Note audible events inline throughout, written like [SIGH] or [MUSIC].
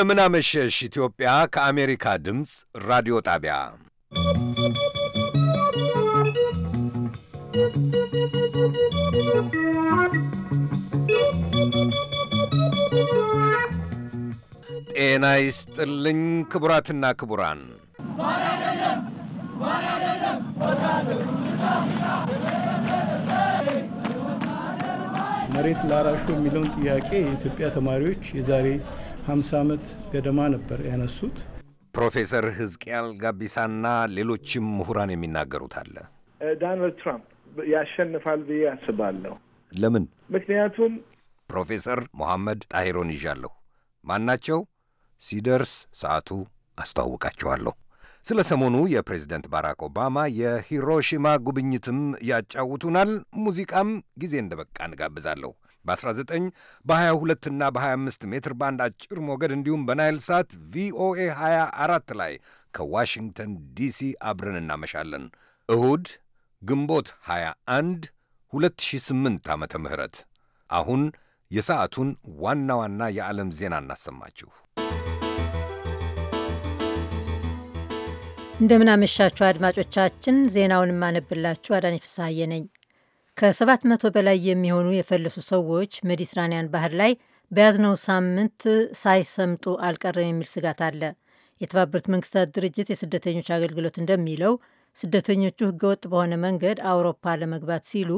እንደምን አመሸሽ ኢትዮጵያ። ከአሜሪካ ድምፅ ራዲዮ ጣቢያ ጤና ይስጥልኝ ክቡራትና ክቡራን። መሬት ላራሹ የሚለውን ጥያቄ የኢትዮጵያ ተማሪዎች የዛሬ 50 ዓመት ገደማ ነበር ያነሱት። ፕሮፌሰር ህዝቅያል ጋቢሳና ሌሎችም ምሁራን የሚናገሩት አለ። ዶናልድ ትራምፕ ያሸንፋል ብዬ አስባለሁ። ለምን? ምክንያቱም ፕሮፌሰር ሞሐመድ ጣሂሮን ይዣለሁ። ማናቸው? ሲደርስ ሰዓቱ አስተዋውቃችኋለሁ። ስለ ሰሞኑ የፕሬዝደንት ባራክ ኦባማ የሂሮሺማ ጉብኝትም ያጫውቱናል። ሙዚቃም ጊዜ እንደ በቃ እንጋብዛለሁ። በ19 በ22 እና በ25 ሜትር ባንድ አጭር ሞገድ እንዲሁም በናይል ሳት ቪኦኤ 24 ላይ ከዋሽንግተን ዲሲ አብረን እናመሻለን። እሁድ ግንቦት 21 2008 ዓመተ ምህረት አሁን የሰዓቱን ዋና ዋና የዓለም ዜና እናሰማችሁ። እንደምናመሻችሁ አድማጮቻችን፣ ዜናውን የማነብላችሁ አዳነች ፍስሐዬ ነኝ። ከ700 በላይ የሚሆኑ የፈለሱ ሰዎች ሜዲትራኒያን ባህር ላይ በያዝነው ሳምንት ሳይሰምጡ አልቀረም የሚል ስጋት አለ። የተባበሩት መንግስታት ድርጅት የስደተኞች አገልግሎት እንደሚለው ስደተኞቹ ህገወጥ በሆነ መንገድ አውሮፓ ለመግባት ሲሉ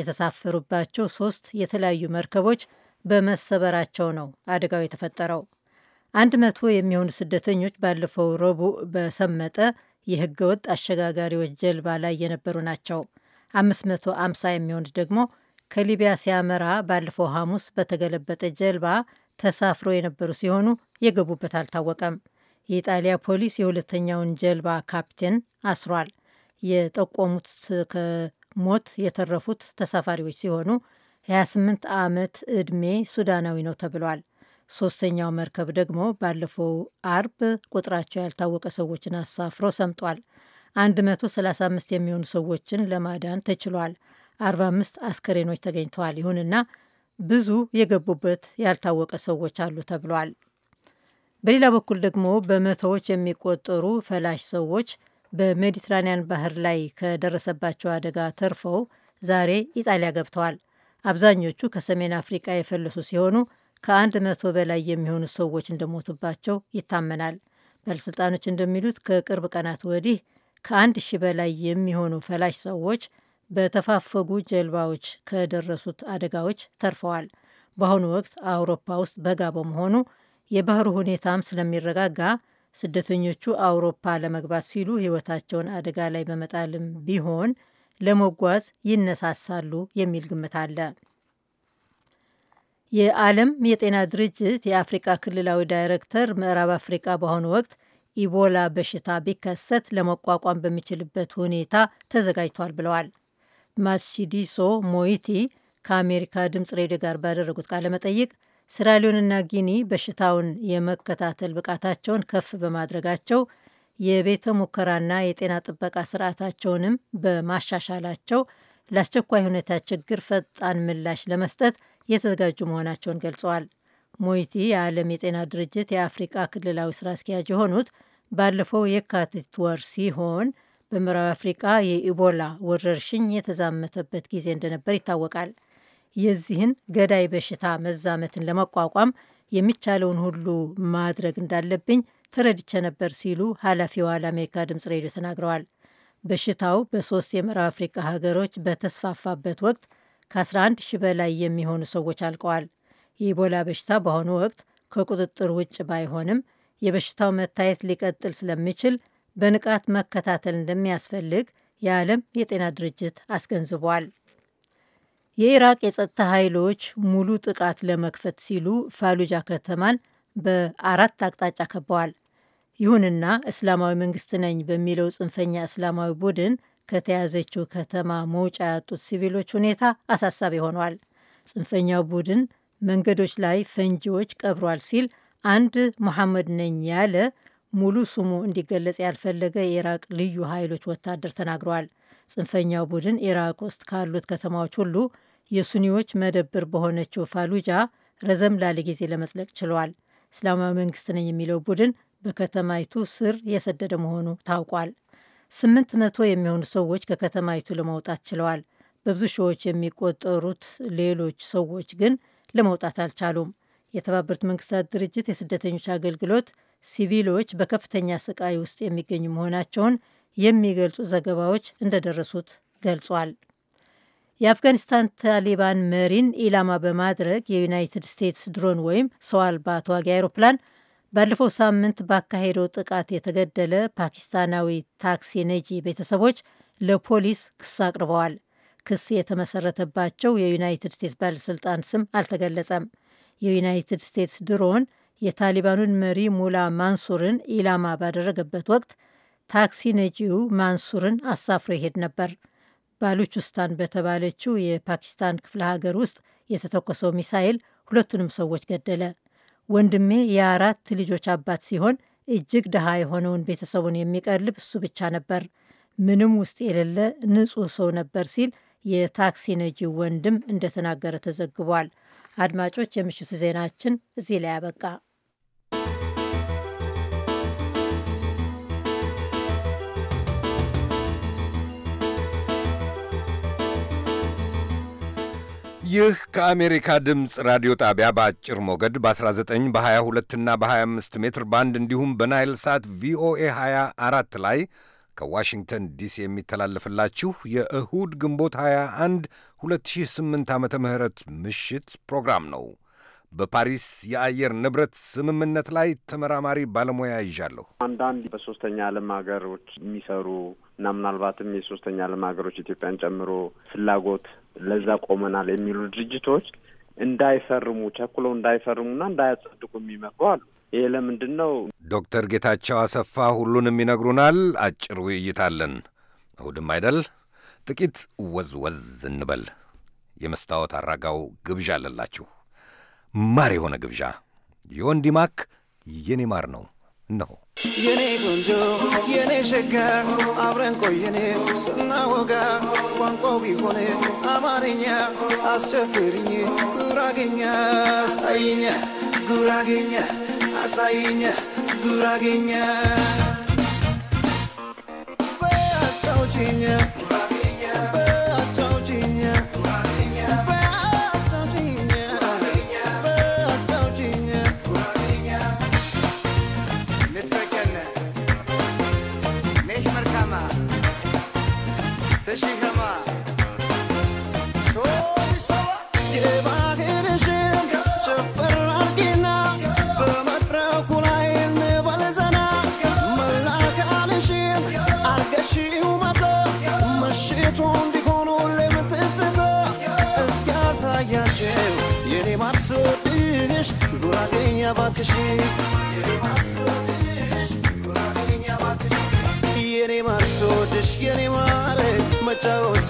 የተሳፈሩባቸው ሶስት የተለያዩ መርከቦች በመሰበራቸው ነው አደጋው የተፈጠረው። አንድ መቶ የሚሆኑ ስደተኞች ባለፈው ረቡዕ በሰመጠ የህገወጥ አሸጋጋሪዎች ጀልባ ላይ የነበሩ ናቸው። 550 የሚሆኑት ደግሞ ከሊቢያ ሲያመራ ባለፈው ሐሙስ በተገለበጠ ጀልባ ተሳፍረው የነበሩ ሲሆኑ የገቡበት አልታወቀም። የኢጣሊያ ፖሊስ የሁለተኛውን ጀልባ ካፕቴን አስሯል። የጠቆሙት ከሞት የተረፉት ተሳፋሪዎች ሲሆኑ 28 ዓመት ዕድሜ ሱዳናዊ ነው ተብሏል። ሶስተኛው መርከብ ደግሞ ባለፈው አርብ ቁጥራቸው ያልታወቀ ሰዎችን አሳፍሮ ሰምጧል። 135 የሚሆኑ ሰዎችን ለማዳን ተችሏል። 45 አስከሬኖች ተገኝተዋል። ይሁንና ብዙ የገቡበት ያልታወቀ ሰዎች አሉ ተብሏል። በሌላ በኩል ደግሞ በመቶዎች የሚቆጠሩ ፈላሽ ሰዎች በሜዲትራኒያን ባህር ላይ ከደረሰባቸው አደጋ ተርፈው ዛሬ ኢጣሊያ ገብተዋል። አብዛኞቹ ከሰሜን አፍሪቃ የፈለሱ ሲሆኑ ከአንድ መቶ በላይ የሚሆኑ ሰዎች እንደሞቱባቸው ይታመናል። ባለሥልጣኖች እንደሚሉት ከቅርብ ቀናት ወዲህ ከአንድ ሺህ በላይ የሚሆኑ ፈላሽ ሰዎች በተፋፈጉ ጀልባዎች ከደረሱት አደጋዎች ተርፈዋል። በአሁኑ ወቅት አውሮፓ ውስጥ በጋ በመሆኑ የባህሩ ሁኔታም ስለሚረጋጋ ስደተኞቹ አውሮፓ ለመግባት ሲሉ ሕይወታቸውን አደጋ ላይ በመጣልም ቢሆን ለመጓዝ ይነሳሳሉ የሚል ግምት አለ። የዓለም የጤና ድርጅት የአፍሪቃ ክልላዊ ዳይሬክተር ምዕራብ አፍሪቃ በአሁኑ ወቅት ኢቦላ በሽታ ቢከሰት ለመቋቋም በሚችልበት ሁኔታ ተዘጋጅቷል ብለዋል። ማትሺዲሶ ሞይቲ ከአሜሪካ ድምፅ ሬዲዮ ጋር ባደረጉት ቃለ መጠይቅ ስራሊዮንና ጊኒ በሽታውን የመከታተል ብቃታቸውን ከፍ በማድረጋቸው የቤተ ሙከራና የጤና ጥበቃ ስርዓታቸውንም በማሻሻላቸው ለአስቸኳይ ሁኔታ ችግር ፈጣን ምላሽ ለመስጠት የተዘጋጁ መሆናቸውን ገልጸዋል። ሞይቲ የዓለም የጤና ድርጅት የአፍሪቃ ክልላዊ ስራ አስኪያጅ የሆኑት ባለፈው የካቲት ወር ሲሆን በምዕራብ አፍሪቃ የኢቦላ ወረርሽኝ የተዛመተበት ጊዜ እንደነበር ይታወቃል። የዚህን ገዳይ በሽታ መዛመትን ለመቋቋም የሚቻለውን ሁሉ ማድረግ እንዳለብኝ ተረድቼ ነበር ሲሉ ኃላፊዋ ለአሜሪካ ድምፅ ሬዲዮ ተናግረዋል። በሽታው በሶስት የምዕራብ አፍሪካ ሀገሮች በተስፋፋበት ወቅት ከ11 ሺ በላይ የሚሆኑ ሰዎች አልቀዋል። የኢቦላ በሽታ በአሁኑ ወቅት ከቁጥጥር ውጭ ባይሆንም የበሽታው መታየት ሊቀጥል ስለሚችል በንቃት መከታተል እንደሚያስፈልግ የዓለም የጤና ድርጅት አስገንዝቧል። የኢራቅ የጸጥታ ኃይሎች ሙሉ ጥቃት ለመክፈት ሲሉ ፋሉጃ ከተማን በአራት አቅጣጫ ከበዋል። ይሁንና እስላማዊ መንግስት ነኝ በሚለው ጽንፈኛ እስላማዊ ቡድን ከተያዘችው ከተማ መውጫ ያጡት ሲቪሎች ሁኔታ አሳሳቢ ሆኗል። ጽንፈኛው ቡድን መንገዶች ላይ ፈንጂዎች ቀብሯል ሲል አንድ መሐመድ ነኝ ያለ ሙሉ ስሙ እንዲገለጽ ያልፈለገ የኢራቅ ልዩ ኃይሎች ወታደር ተናግረዋል። ጽንፈኛው ቡድን ኢራቅ ውስጥ ካሉት ከተማዎች ሁሉ የሱኒዎች መደብር በሆነችው ፋሉጃ ረዘም ላለ ጊዜ ለመጽለቅ ችሏል። እስላማዊ መንግስት ነኝ የሚለው ቡድን በከተማይቱ ስር የሰደደ መሆኑ ታውቋል። ስምንት መቶ የሚሆኑ ሰዎች ከከተማይቱ ለመውጣት ችለዋል። በብዙ ሺዎች የሚቆጠሩት ሌሎች ሰዎች ግን ለመውጣት አልቻሉም። የተባበሩት መንግስታት ድርጅት የስደተኞች አገልግሎት ሲቪሎች በከፍተኛ ስቃይ ውስጥ የሚገኙ መሆናቸውን የሚገልጹ ዘገባዎች እንደደረሱት ገልጿል። የአፍጋኒስታን ታሊባን መሪን ኢላማ በማድረግ የዩናይትድ ስቴትስ ድሮን ወይም ሰው አልባ ተዋጊ አይሮፕላን ባለፈው ሳምንት ባካሄደው ጥቃት የተገደለ ፓኪስታናዊ ታክሲ ነጂ ቤተሰቦች ለፖሊስ ክስ አቅርበዋል። ክስ የተመሰረተባቸው የዩናይትድ ስቴትስ ባለሥልጣን ስም አልተገለጸም። የዩናይትድ ስቴትስ ድሮን የታሊባኑን መሪ ሙላ ማንሱርን ኢላማ ባደረገበት ወቅት ታክሲ ነጂው ማንሱርን አሳፍሮ ይሄድ ነበር። ባሉቹስታን በተባለችው የፓኪስታን ክፍለ ሀገር ውስጥ የተተኮሰው ሚሳኤል ሁለቱንም ሰዎች ገደለ። ወንድሜ የአራት ልጆች አባት ሲሆን እጅግ ድሃ የሆነውን ቤተሰቡን የሚቀልብ እሱ ብቻ ነበር። ምንም ውስጥ የሌለ ንጹሕ ሰው ነበር ሲል የታክሲ ነጂ ወንድም እንደተናገረ ተዘግቧል። አድማጮች፣ የምሽቱ ዜናችን እዚህ ላይ አበቃ። ይህ ከአሜሪካ ድምፅ ራዲዮ ጣቢያ በአጭር ሞገድ በ19 በ22 እና በ25 ሜትር ባንድ እንዲሁም በናይል ሳት ቪኦኤ 24 ላይ ከዋሽንግተን ዲሲ የሚተላለፍላችሁ የእሁድ ግንቦት 21 2008 ዓመተ ምህረት ምሽት ፕሮግራም ነው። በፓሪስ የአየር ንብረት ስምምነት ላይ ተመራማሪ ባለሙያ ይዣለሁ። አንዳንድ በሶስተኛ ዓለም ሀገሮች የሚሰሩ እና ምናልባትም የሶስተኛ ዓለም ሀገሮች ኢትዮጵያን ጨምሮ ፍላጎት ለዛ ቆመናል የሚሉ ድርጅቶች እንዳይፈርሙ ቸኩለው እንዳይፈርሙና እንዳያጸድቁ የሚመክሩ አሉ። ይሄ ለምንድን ነው? ዶክተር ጌታቸው አሰፋ ሁሉንም ይነግሩናል። አጭር ውይይት አለን። እሁድም አይደል? ጥቂት ወዝ ወዝ እንበል። የመስታወት አራጋው ግብዣ አለላችሁ። ማር የሆነ ግብዣ የወንዲ ማክ የኔ ማር ነው እነሆ የኔ ቆንጆ የኔ ሸጋ አብረን ቆየኔ ስናወጋ ቋንቋው ቢሆን አማርኛ አስቸፍርኝ ጉራገኛ አሳይኛ ጉራገኛ nasainya guraginya Betocinya እባክሽ የኔ ማር ስወድሽ የኔ ማር መጫወት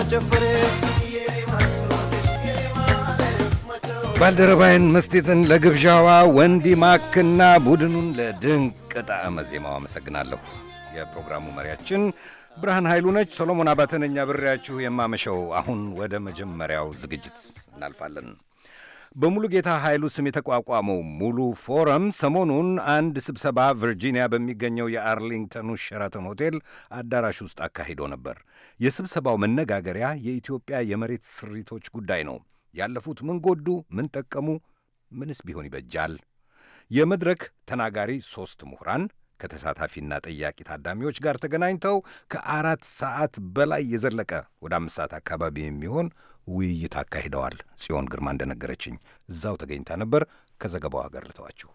maça fırı ባልደረባይን መስቴትን ለግብዣዋ ወንዲ ማክና ቡድኑን ለድንቅ ጣዕመ ዜማው አመሰግናለሁ። የፕሮግራሙ መሪያችን ብርሃን ኃይሉ ነች። ሰሎሞን አባተነኛ ብሬያችሁ የማመሸው። አሁን ወደ መጀመሪያው ዝግጅት እናልፋለን። በሙሉ ጌታ ኃይሉ ስም የተቋቋመው ሙሉ ፎረም ሰሞኑን አንድ ስብሰባ ቨርጂኒያ በሚገኘው የአርሊንግተኑ ሸራተን ሆቴል አዳራሽ ውስጥ አካሂዶ ነበር። የስብሰባው መነጋገሪያ የኢትዮጵያ የመሬት ስሪቶች ጉዳይ ነው። ያለፉት ምን ጎዱ? ምን ጠቀሙ? ምንስ ቢሆን ይበጃል? የመድረክ ተናጋሪ ሦስት ምሁራን ከተሳታፊና ጠያቂ ታዳሚዎች ጋር ተገናኝተው ከአራት ሰዓት በላይ የዘለቀ ወደ አምስት ሰዓት አካባቢ የሚሆን ውይይት አካሂደዋል። ጽዮን ግርማ እንደነገረችኝ እዛው ተገኝታ ነበር። ከዘገባዋ ጋር ልተዋችሁ።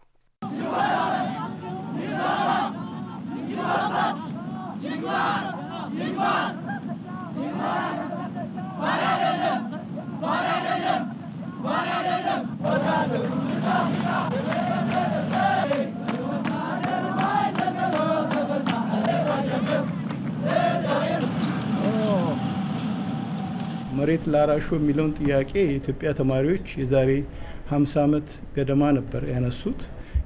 መሬት ላራሹ የሚለውን ጥያቄ የኢትዮጵያ ተማሪዎች የዛሬ 50 ዓመት ገደማ ነበር ያነሱት።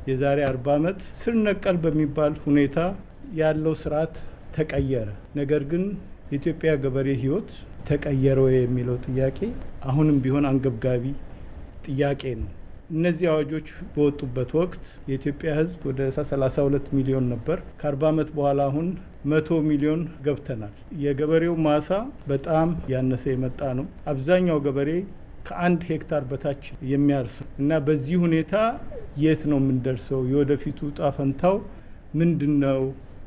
የዛሬ 40 ዓመት ስር ነቀል በሚባል ሁኔታ ያለው ስርዓት ተቀየረ። ነገር ግን የኢትዮጵያ ገበሬ ህይወት ተቀየረ የሚለው ጥያቄ አሁንም ቢሆን አንገብጋቢ ጥያቄ ነው። እነዚህ አዋጆች በወጡበት ወቅት የኢትዮጵያ ህዝብ ወደ 32 ሚሊዮን ነበር። ከ40 ዓመት በኋላ አሁን መቶ ሚሊዮን ገብተናል። የገበሬው ማሳ በጣም ያነሰ የመጣ ነው። አብዛኛው ገበሬ ከአንድ ሄክታር በታች የሚያርስ እና በዚህ ሁኔታ የት ነው የምንደርሰው? የወደፊቱ ጣፈንታው ምንድን ነው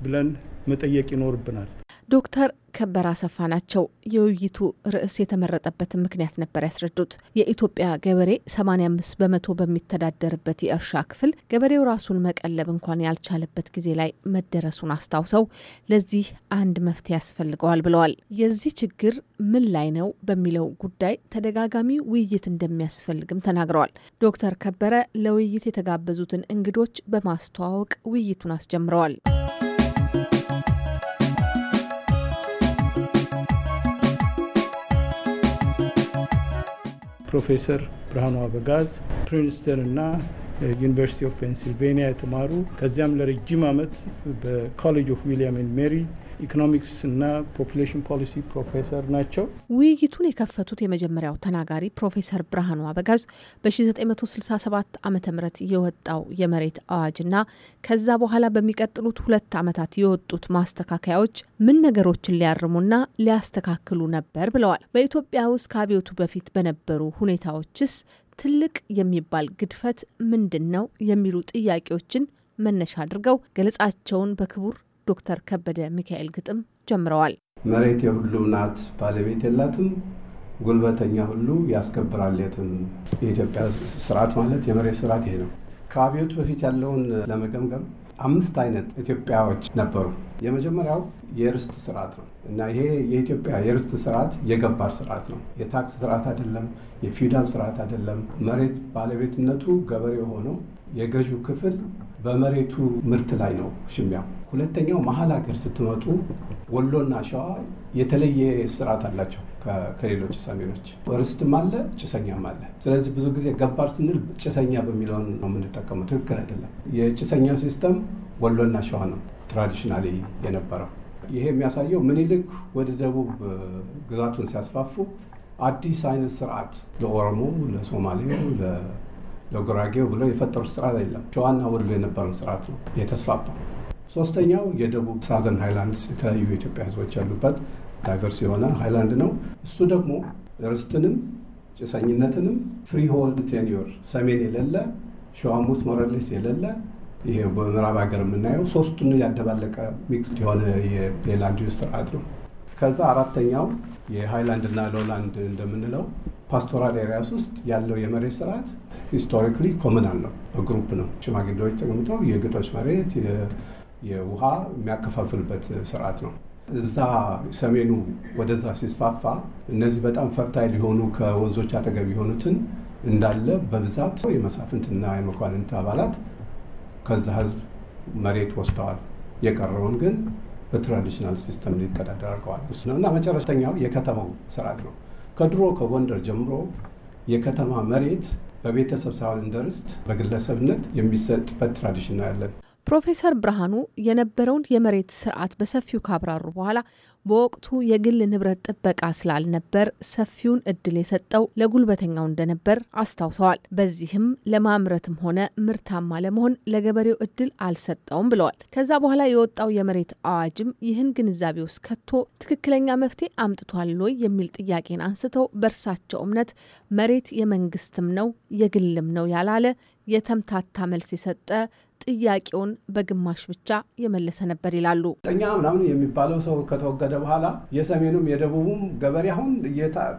ብለን መጠየቅ ይኖርብናል። ዶክተር ከበር አሰፋ ናቸው። የውይይቱ ርዕስ የተመረጠበትን ምክንያት ነበር ያስረዱት። የኢትዮጵያ ገበሬ 85 በመቶ በሚተዳደርበት የእርሻ ክፍል ገበሬው ራሱን መቀለብ እንኳን ያልቻለበት ጊዜ ላይ መደረሱን አስታውሰው ለዚህ አንድ መፍትሄ ያስፈልገዋል ብለዋል። የዚህ ችግር ምን ላይ ነው በሚለው ጉዳይ ተደጋጋሚ ውይይት እንደሚያስፈልግም ተናግረዋል። ዶክተር ከበረ ለውይይት የተጋበዙትን እንግዶች በማስተዋወቅ ውይይቱን አስጀምረዋል። ፕሮፌሰር ብርሃኑ አበጋዝ እና ዩኒቨርሲቲ ኦፍ ፔንሲልቬኒያ የተማሩ ከዚያም ለረጅም ዓመት በኮሌጅ ኦፍ ዊሊያም ኤንድ ሜሪ ኢኮኖሚክስ እና ፖፕሌሽን ፖሊሲ ፕሮፌሰር ናቸው። ውይይቱን የከፈቱት የመጀመሪያው ተናጋሪ ፕሮፌሰር ብርሃኑ አበጋዝ በ1967 ዓ ም የወጣው የመሬት አዋጅ እና ከዛ በኋላ በሚቀጥሉት ሁለት ዓመታት የወጡት ማስተካከያዎች ምን ነገሮችን ሊያርሙና ሊያስተካክሉ ነበር ብለዋል። በኢትዮጵያ ውስጥ ከአብዮቱ በፊት በነበሩ ሁኔታዎችስ ትልቅ የሚባል ግድፈት ምንድን ነው የሚሉ ጥያቄዎችን መነሻ አድርገው ገለጻቸውን በክቡር ዶክተር ከበደ ሚካኤል ግጥም ጀምረዋል። መሬት የሁሉም ናት፣ ባለቤት የላትም ጉልበተኛ ሁሉ ያስከብራል የቱን። የኢትዮጵያ ስርዓት ማለት የመሬት ስርዓት ይሄ ነው። ከአብዮት በፊት ያለውን ለመገምገም አምስት አይነት ኢትዮጵያዎች ነበሩ። የመጀመሪያው የርስት ስርዓት ነው እና ይሄ የኢትዮጵያ የርስት ስርዓት የገባር ስርዓት ነው። የታክስ ስርዓት አይደለም። የፊውዳል ስርዓት አይደለም። መሬት ባለቤትነቱ ገበሬ ሆነው የገዢው ክፍል በመሬቱ ምርት ላይ ነው ሽሚያው። ሁለተኛው መሀል ሀገር ስትመጡ ወሎና ሸዋ የተለየ ስርዓት አላቸው። ከሌሎች ሰሜኖች ርስትም አለ፣ ጭሰኛም አለ። ስለዚህ ብዙ ጊዜ ገባር ስንል ጭሰኛ በሚለውን ነው የምንጠቀመው። ትክክል አይደለም። የጭሰኛ ሲስተም ወሎና ሸዋ ነው ትራዲሽናሊ የነበረው። ይሄ የሚያሳየው ምኒልክ ወደ ደቡብ ግዛቱን ሲያስፋፉ አዲስ አይነት ስርዓት ለኦሮሞ፣ ለሶማሌው፣ ለጉራጌው ብለው የፈጠሩት ስርዓት የለም። ሸዋና ወሎ የነበረው ስርዓት ነው የተስፋፋ። ሶስተኛው የደቡብ ሳዘን ሃይላንድስ የተለያዩ የኢትዮጵያ ህዝቦች ያሉበት ዳይቨርስ የሆነ ሃይላንድ ነው። እሱ ደግሞ ርስትንም ጭሰኝነትንም ፍሪሆልድ ቴኒዮር ሰሜን የሌለ ሸዋሙስ ሞረሌስ የሌለ ይሄ በምዕራብ ሀገር የምናየው ሶስቱን ያደባለቀ ሚክስ የሆነ የላንድ ዩዝ ስርዓት ነው። ከዛ አራተኛው የሃይላንድ እና ሎላንድ እንደምንለው ፓስቶራል ኤሪያስ ውስጥ ያለው የመሬት ስርዓት ሂስቶሪካሊ ኮምናል ነው። በግሩፕ ነው ሽማግሌዎች ተቀምጠው የግጦች መሬት የውሃ የሚያከፋፍልበት ስርዓት ነው። እዛ ሰሜኑ ወደዛ ሲስፋፋ እነዚህ በጣም ፈርታይል የሆኑ ከወንዞች አጠገብ የሆኑትን እንዳለ በብዛት የመሳፍንትና የመኳንንት አባላት ከዛ ህዝብ መሬት ወስደዋል። የቀረውን ግን በትራዲሽናል ሲስተም ሊተዳደር አድርገዋል። እሱ ነው እና መጨረሻኛው የከተማው ስርዓት ነው። ከድሮ ከጎንደር ጀምሮ የከተማ መሬት በቤተሰብ ሳይሆን እንደ ርስት በግለሰብነት የሚሰጥበት ትራዲሽን ነው ያለን። ፕሮፌሰር ብርሃኑ የነበረውን የመሬት ስርዓት በሰፊው ካብራሩ በኋላ በወቅቱ የግል ንብረት ጥበቃ ስላልነበር ሰፊውን እድል የሰጠው ለጉልበተኛው እንደነበር አስታውሰዋል። በዚህም ለማምረትም ሆነ ምርታማ ለመሆን ለገበሬው እድል አልሰጠውም ብለዋል። ከዛ በኋላ የወጣው የመሬት አዋጅም ይህን ግንዛቤ ውስጥ ከቶ ትክክለኛ መፍትሄ አምጥቷል ወይ የሚል ጥያቄን አንስተው በእርሳቸው እምነት መሬት የመንግስትም ነው የግልም ነው ያላለ የተምታታ መልስ የሰጠ ጥያቄውን በግማሽ ብቻ የመለሰ ነበር ይላሉ። ጠኛ ምናምን የሚባለው ሰው ከተወገደ በኋላ የሰሜኑም የደቡቡም ገበሬ አሁን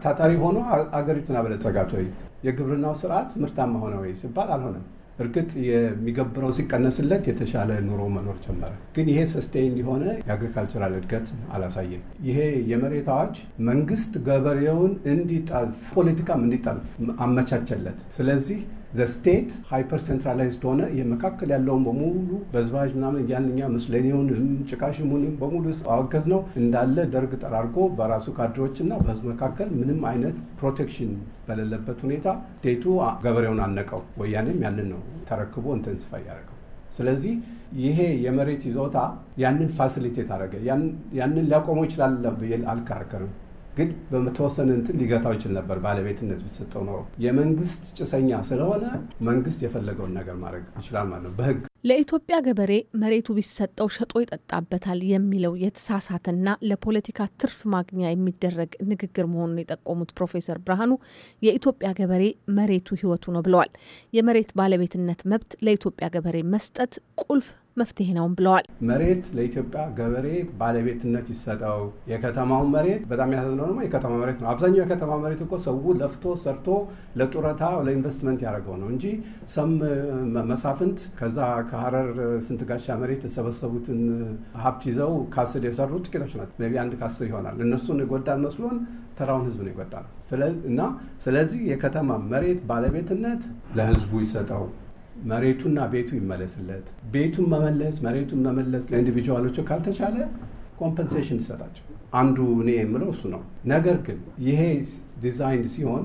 ታታሪ ሆኖ አገሪቱን አበለጸጋት ወይ የግብርናው ስርዓት ምርታማ ሆነ ወይ ሲባል አልሆነም። እርግጥ የሚገብረው ሲቀነስለት የተሻለ ኑሮ መኖር ጀመረ። ግን ይሄ ሰስቴይን የሆነ የአግሪካልቸራል እድገት አላሳየም። ይሄ የመሬት አዋጅ መንግስት ገበሬውን እንዲጠልፍ ፖለቲካም እንዲጠልፍ አመቻቸለት። ስለዚህ ዘስቴት ሃይፐር ሴንትራላይዝድ ሆነ የመካከል ያለውን በሙሉ በዝባዥ ምናምን ያንኛ ምስለኔውን ጭቃሽሙንም በሙሉ አወገዝ ነው እንዳለ ደርግ ጠራርጎ በራሱ ካድሮችና በህዝብ መካከል ምንም አይነት ፕሮቴክሽን በሌለበት ሁኔታ ስቴቱ ገበሬውን አነቀው። ወያኔም ያንን ነው ተረክቦ እንተንስፋ እያደረገው። ስለዚህ ይሄ የመሬት ይዞታ ያንን ፋሲሊቴት አደረገ። ያንን ሊያቆመው ይችላል ብዬ አልከራከርም። ግን በተወሰነ እንትን ሊገታው ይችል ነበር። ባለቤትነት ብትሰጠው ኖሮ የመንግስት ጭሰኛ ስለሆነ መንግስት የፈለገውን ነገር ማድረግ ይችላል ማለት ነው በህግ። ለኢትዮጵያ ገበሬ መሬቱ ቢሰጠው ሸጦ ይጠጣበታል የሚለው የተሳሳተና ለፖለቲካ ትርፍ ማግኛ የሚደረግ ንግግር መሆኑን የጠቆሙት ፕሮፌሰር ብርሃኑ የኢትዮጵያ ገበሬ መሬቱ ህይወቱ ነው ብለዋል። የመሬት ባለቤትነት መብት ለኢትዮጵያ ገበሬ መስጠት ቁልፍ መፍትሄ ነውም ብለዋል። መሬት ለኢትዮጵያ ገበሬ ባለቤትነት ይሰጠው። የከተማውን መሬት በጣም ያሳዝነው ደግሞ የከተማ መሬት ነው። አብዛኛው የከተማ መሬት እኮ ሰው ለፍቶ ሰርቶ ለጡረታ ለኢንቨስትመንት ያደረገው ነው እንጂ ሰም መሳፍንት ከዛ ከሀረር ስንት ጋሻ መሬት የሰበሰቡትን ሀብት ይዘው ካስል የሰሩት ጥቂቶች ናቸው። ቢ አንድ ካስል ይሆናል። እነሱን የጎዳን መስሎን ተራውን ህዝብ ነው ይጎዳል እና ስለዚህ የከተማ መሬት ባለቤትነት ለህዝቡ ይሰጠው። መሬቱና ቤቱ ይመለስለት። ቤቱን መመለስ፣ መሬቱን መመለስ ለኢንዲቪጁዋሎቹ ካልተቻለ ኮምፐንሴሽን ይሰጣቸው። አንዱ እኔ የምለው እሱ ነው። ነገር ግን ይሄ ዲዛይን ሲሆን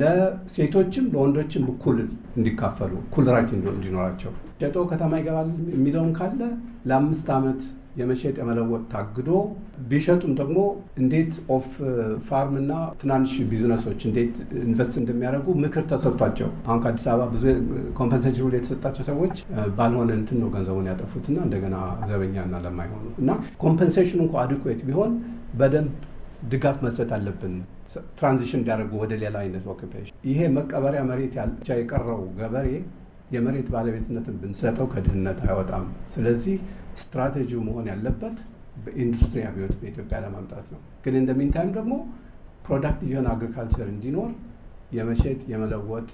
ለሴቶችም ለወንዶችም እኩል እንዲካፈሉ እኩል ራይት እንዲኖራቸው ሸጦ ከተማ ይገባል የሚለውን ካለ ለአምስት ዓመት የመሸጥ የመለወጥ ታግዶ ቢሸጡም ደግሞ እንዴት ኦፍ ፋርም እና ትናንሽ ቢዝነሶች እንዴት ኢንቨስት እንደሚያደርጉ ምክር ተሰጥቷቸው አሁን ከአዲስ አበባ ብዙ ኮምፐንሴሽን ሁሉ የተሰጣቸው ሰዎች ባልሆነ እንትን ነው ገንዘቡን ያጠፉትና እንደገና ዘበኛና ለማይሆኑ እና ኮምፐንሴሽን እንኳ አድኩዌት ቢሆን በደንብ ድጋፍ መስጠት አለብን። ትራንዚሽን እንዲያደርጉ ወደ ሌላ አይነት ኦኪፔሽን። ይሄ መቀበሪያ መሬት ያልቻ የቀረው ገበሬ የመሬት ባለቤትነትን ብንሰጠው ከድህነት አይወጣም። ስለዚህ ስትራቴጂው መሆን ያለበት በኢንዱስትሪ አብዮት በኢትዮጵያ ለማምጣት ነው። ግን እንደሚንታይም ደግሞ ፕሮዳክቲቭ የሆነ አግሪካልቸር እንዲኖር የመሸጥ የመለወጥ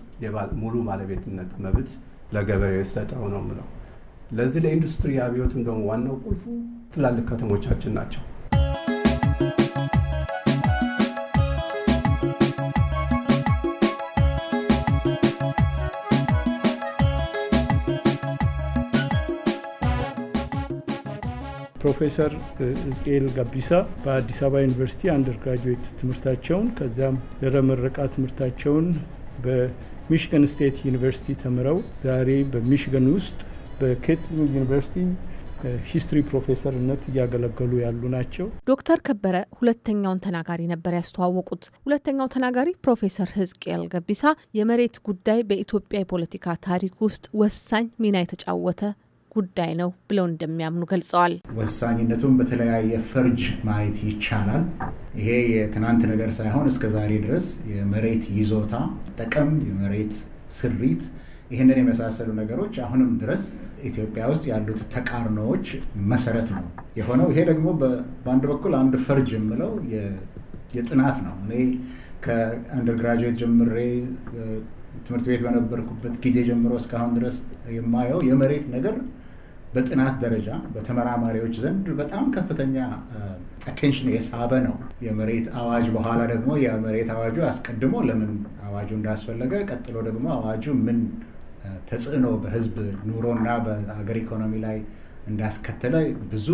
ሙሉ ባለቤትነት መብት ለገበሬው የሰጠው ነው ምለው። ለዚህ ለኢንዱስትሪ አብዮትም ደግሞ ዋናው ቁልፉ ትላልቅ ከተሞቻችን ናቸው። ፕሮፌሰር እዝቅኤል ጋቢሳ በአዲስ አበባ ዩኒቨርሲቲ አንደር ግራጁዌት ትምህርታቸውን ከዚያም ድህረ ምረቃ ትምህርታቸውን በሚሽገን ስቴት ዩኒቨርሲቲ ተምረው ዛሬ በሚሽገን ውስጥ በኬትሊንግ ዩኒቨርሲቲ ሂስትሪ ፕሮፌሰርነት እያገለገሉ ያሉ ናቸው። ዶክተር ከበረ ሁለተኛውን ተናጋሪ ነበር ያስተዋወቁት። ሁለተኛው ተናጋሪ ፕሮፌሰር ህዝቅኤል ገቢሳ የመሬት ጉዳይ በኢትዮጵያ የፖለቲካ ታሪክ ውስጥ ወሳኝ ሚና የተጫወተ ጉዳይ ነው ብለው እንደሚያምኑ ገልጸዋል። ወሳኝነቱን በተለያየ ፈርጅ ማየት ይቻላል። ይሄ የትናንት ነገር ሳይሆን እስከ ዛሬ ድረስ የመሬት ይዞታ ጠቀም፣ የመሬት ስሪት፣ ይህንን የመሳሰሉ ነገሮች አሁንም ድረስ ኢትዮጵያ ውስጥ ያሉት ተቃርኖዎች መሰረት ነው የሆነው። ይሄ ደግሞ በአንድ በኩል አንድ ፈርጅ የምለው የጥናት ነው። እኔ ከአንደርግራጅዌት ጀምሬ ትምህርት ቤት በነበርኩበት ጊዜ ጀምሮ እስካሁን ድረስ የማየው የመሬት ነገር በጥናት ደረጃ በተመራማሪዎች ዘንድ በጣም ከፍተኛ አቴንሽን የሳበ ነው። የመሬት አዋጅ በኋላ ደግሞ የመሬት አዋጁ አስቀድሞ ለምን አዋጁ እንዳስፈለገ፣ ቀጥሎ ደግሞ አዋጁ ምን ተጽዕኖ በህዝብ ኑሮና በሀገር ኢኮኖሚ ላይ እንዳስከተለ ብዙ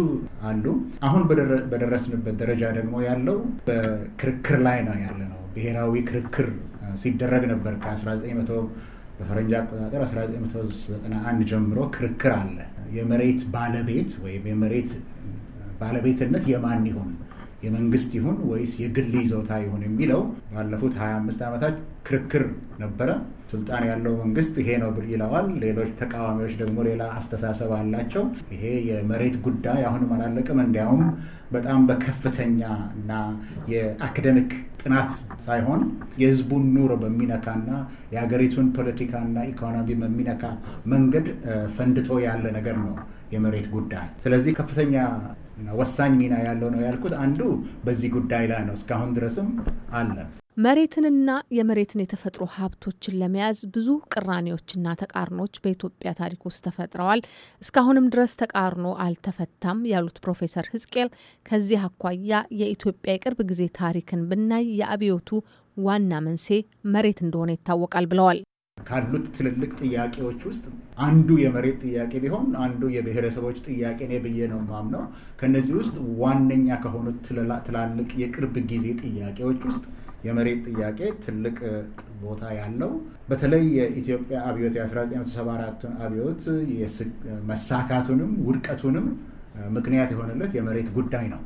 አሉ። አሁን በደረስንበት ደረጃ ደግሞ ያለው በክርክር ላይ ነው ያለ ነው። ብሔራዊ ክርክር ሲደረግ ነበር ከ1900 በፈረንጅ አቆጣጠር 1991 ጀምሮ ክርክር አለ። የመሬት ባለቤት ወይም የመሬት ባለቤትነት የማን ይሆን የመንግስት ይሁን ወይስ የግል ይዞታ ይሁን የሚለው ባለፉት 25 ዓመታት ክርክር ነበረ። ስልጣን ያለው መንግስት ይሄ ነው ብል ይለዋል። ሌሎች ተቃዋሚዎች ደግሞ ሌላ አስተሳሰብ አላቸው። ይሄ የመሬት ጉዳይ አሁንም አላለቅም። እንዲያውም በጣም በከፍተኛ እና የአካደሚክ ጥናት ሳይሆን የህዝቡን ኑሮ በሚነካና የሀገሪቱን ፖለቲካና ኢኮኖሚ በሚነካ መንገድ ፈንድቶ ያለ ነገር ነው የመሬት ጉዳይ። ስለዚህ ከፍተኛ ወሳኝ ሚና ያለው ነው ያልኩት አንዱ በዚህ ጉዳይ ላይ ነው። እስካሁን ድረስም አለ። መሬትንና የመሬትን የተፈጥሮ ሀብቶችን ለመያዝ ብዙ ቅራኔዎችና ተቃርኖች በኢትዮጵያ ታሪክ ውስጥ ተፈጥረዋል። እስካሁንም ድረስ ተቃርኖ አልተፈታም ያሉት ፕሮፌሰር ህዝቅኤል ከዚህ አኳያ የኢትዮጵያ የቅርብ ጊዜ ታሪክን ብናይ የአብዮቱ ዋና መንስኤ መሬት እንደሆነ ይታወቃል ብለዋል። ካሉት ትልልቅ ጥያቄዎች ውስጥ አንዱ የመሬት ጥያቄ ቢሆን አንዱ የብሔረሰቦች ጥያቄ ነው ብዬ ነው ማምነው። ከነዚህ ውስጥ ዋነኛ ከሆኑት ትላልቅ የቅርብ ጊዜ ጥያቄዎች ውስጥ የመሬት ጥያቄ ትልቅ ቦታ ያለው በተለይ የኢትዮጵያ አብዮት የ1974 አብዮት መሳካቱንም ውድቀቱንም ምክንያት የሆነለት የመሬት ጉዳይ ነው።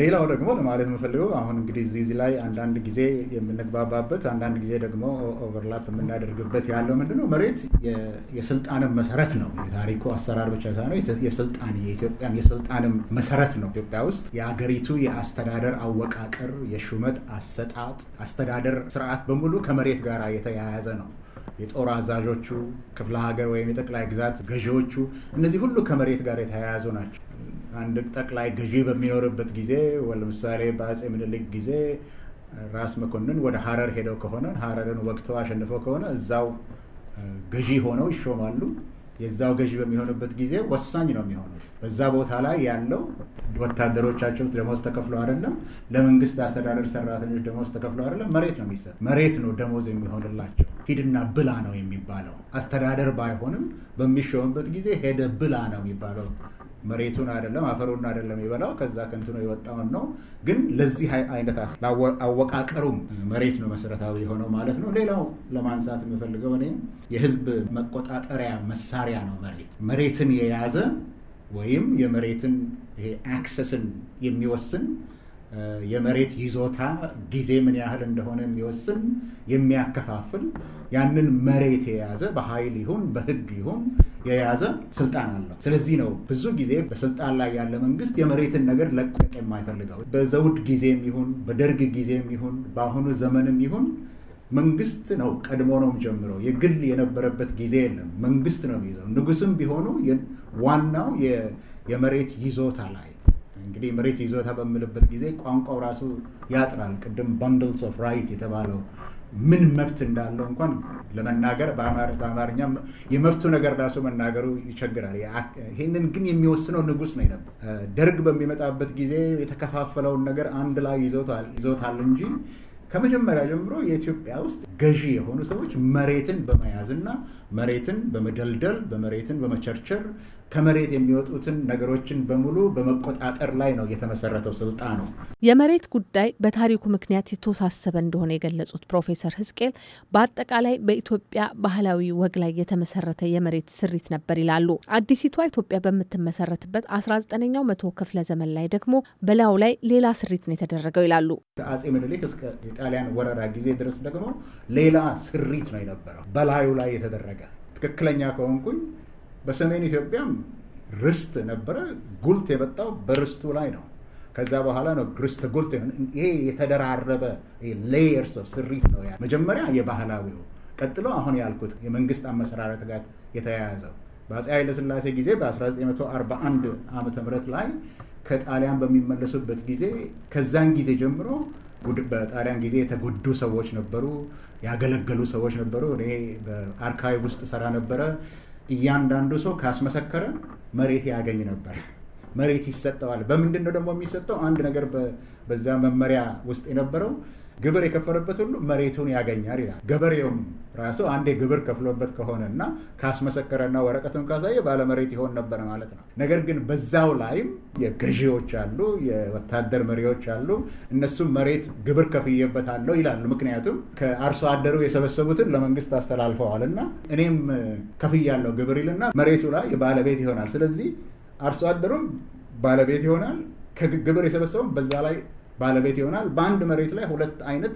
ሌላው ደግሞ ለማለት የምፈልገው አሁን እንግዲህ እዚህ ላይ አንዳንድ ጊዜ የምንግባባበት አንዳንድ ጊዜ ደግሞ ኦቨርላፕ የምናደርግበት ያለው ምንድን ነው፣ መሬት የስልጣንም መሰረት ነው። የታሪኩ አሰራር ብቻ ሳይሆን የስልጣን የኢትዮጵያን የስልጣንም መሰረት ነው። ኢትዮጵያ ውስጥ የአገሪቱ የአስተዳደር አወቃቀር፣ የሹመት አሰጣጥ፣ አስተዳደር ስርዓት በሙሉ ከመሬት ጋር የተያያዘ ነው። የጦር አዛዦቹ ክፍለ ሀገር ወይም የጠቅላይ ግዛት ገዢዎቹ፣ እነዚህ ሁሉ ከመሬት ጋር የተያያዙ ናቸው። አንድ ጠቅላይ ገዢ በሚኖርበት ጊዜ ለምሳሌ በአጼ ምኒልክ ጊዜ ራስ መኮንን ወደ ሀረር ሄደው ከሆነ ሀረርን ወቅተው አሸንፈው ከሆነ እዛው ገዢ ሆነው ይሾማሉ። የዛው ገዢ በሚሆንበት ጊዜ ወሳኝ ነው የሚሆኑት። በዛ ቦታ ላይ ያለው ወታደሮቻቸው ደሞዝ ተከፍሎ አይደለም፣ ለመንግስት አስተዳደር ሰራተኞች ደሞዝ ተከፍሎ አይደለም፣ መሬት ነው የሚሰጥ። መሬት ነው ደሞዝ የሚሆንላቸው። ሂድና ብላ ነው የሚባለው። አስተዳደር ባይሆንም በሚሾምበት ጊዜ ሄደ ብላ ነው የሚባለው መሬቱን አይደለም አፈሩን አይደለም የበላው ከዛ ከንትኖ የወጣውን ነው። ግን ለዚህ አይነት አወቃቀሩም መሬት ነው መሰረታዊ የሆነው ማለት ነው። ሌላው ለማንሳት የምፈልገው እኔ የህዝብ መቆጣጠሪያ መሳሪያ ነው መሬት። መሬትን የያዘ ወይም የመሬትን ይሄ አክሰስን የሚወስን የመሬት ይዞታ ጊዜ ምን ያህል እንደሆነ የሚወስን የሚያከፋፍል ያንን መሬት የያዘ በኃይል ይሁን በሕግ ይሁን የያዘ ስልጣን አለው። ስለዚህ ነው ብዙ ጊዜ በስልጣን ላይ ያለ መንግስት የመሬትን ነገር ለቆቅ የማይፈልገው። በዘውድ ጊዜም ይሁን በደርግ ጊዜም ይሁን በአሁኑ ዘመንም ይሁን መንግስት ነው ቀድሞ ነው ጀምሮ የግል የነበረበት ጊዜ የለም። መንግስት ነው የሚይዘው። ንጉስም ቢሆኑ ዋናው የመሬት ይዞታ ላይ እንግዲህ መሬት ይዞታ በምልበት ጊዜ ቋንቋው ራሱ ያጥራል። ቅድም ባንድልስ ኦፍ ራይት የተባለው ምን መብት እንዳለው እንኳን ለመናገር በአማርኛ የመብቱ ነገር ራሱ መናገሩ ይቸግራል። ይህንን ግን የሚወስነው ንጉስ ነው ነበር። ደርግ በሚመጣበት ጊዜ የተከፋፈለውን ነገር አንድ ላይ ይዞታል እንጂ ከመጀመሪያ ጀምሮ የኢትዮጵያ ውስጥ ገዢ የሆኑ ሰዎች መሬትን በመያዝና መሬትን በመደልደል በመሬትን በመቸርቸር ከመሬት የሚወጡትን ነገሮችን በሙሉ በመቆጣጠር ላይ ነው የተመሰረተው ስልጣኑ። የመሬት ጉዳይ በታሪኩ ምክንያት የተወሳሰበ እንደሆነ የገለጹት ፕሮፌሰር ህዝቅኤል በአጠቃላይ በኢትዮጵያ ባህላዊ ወግ ላይ የተመሰረተ የመሬት ስሪት ነበር ይላሉ። አዲሲቷ ኢትዮጵያ በምትመሰረትበት 19ኛው መቶ ክፍለ ዘመን ላይ ደግሞ በላዩ ላይ ሌላ ስሪት ነው የተደረገው ይላሉ። ከአጼ ምኒልክ እስከ የጣሊያን ወረራ ጊዜ ድረስ ደግሞ ሌላ ስሪት ነው የነበረው በላዩ ላይ የተደረገ ትክክለኛ ከሆንኩኝ በሰሜን ኢትዮጵያም ርስት ነበረ። ጉልት የመጣው በርስቱ ላይ ነው። ከዛ በኋላ ነው ርስት ጉልት። ይሄ የተደራረበ ሌየርስ ኦፍ ስሪት ነው። መጀመሪያ የባህላዊው፣ ቀጥሎ አሁን ያልኩት የመንግስት አመሰራረት ጋር የተያያዘው በአፄ ኃይለስላሴ ጊዜ በ1941 ዓ ምህረት ላይ ከጣሊያን በሚመለሱበት ጊዜ ከዛን ጊዜ ጀምሮ በጣሊያን ጊዜ የተጎዱ ሰዎች ነበሩ፣ ያገለገሉ ሰዎች ነበሩ። እኔ በአርካይቭ ውስጥ ሰራ ነበረ። እያንዳንዱ ሰው ካስመሰከረ መሬት ያገኝ ነበር፣ መሬት ይሰጠዋል። በምንድን ነው ደግሞ የሚሰጠው? አንድ ነገር በዛ መመሪያ ውስጥ የነበረው ግብር የከፈለበት ሁሉ መሬቱን ያገኛል ይላል። ገበሬውም ራሱ አንዴ ግብር ከፍሎበት ከሆነና ካስመሰከረና ወረቀቱን ካሳየ ባለመሬት ይሆን ነበር ማለት ነው። ነገር ግን በዛው ላይም የገዢዎች አሉ፣ የወታደር መሪዎች አሉ። እነሱም መሬት ግብር ከፍዬበታለሁ ይላሉ። ምክንያቱም ከአርሶ አደሩ የሰበሰቡትን ለመንግስት አስተላልፈዋል እና እኔም ከፍያለሁ ግብር ይልና መሬቱ ላይ ባለቤት ይሆናል። ስለዚህ አርሶ አደሩም ባለቤት ይሆናል፣ ከግብር የሰበሰቡም በዛ ላይ ባለቤት ይሆናል። በአንድ መሬት ላይ ሁለት አይነት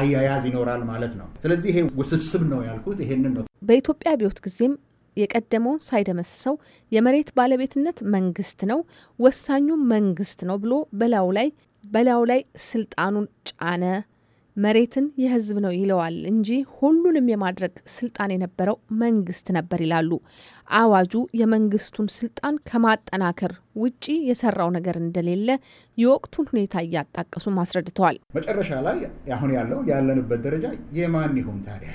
አያያዝ ይኖራል ማለት ነው። ስለዚህ ይሄ ውስብስብ ነው ያልኩት ይሄንን ነው። በኢትዮጵያ አብዮት ጊዜም የቀደመውን ሳይደመስሰው የመሬት ባለቤትነት መንግስት ነው፣ ወሳኙ መንግስት ነው ብሎ በላዩ ላይ በላዩ ላይ ስልጣኑን ጫነ መሬትን የህዝብ ነው ይለዋል እንጂ ሁሉንም የማድረግ ስልጣን የነበረው መንግስት ነበር ይላሉ። አዋጁ የመንግስቱን ስልጣን ከማጠናከር ውጪ የሰራው ነገር እንደሌለ የወቅቱን ሁኔታ እያጣቀሱ አስረድተዋል። መጨረሻ ላይ አሁን ያለው ያለንበት ደረጃ የማን ይሁን ታዲያ?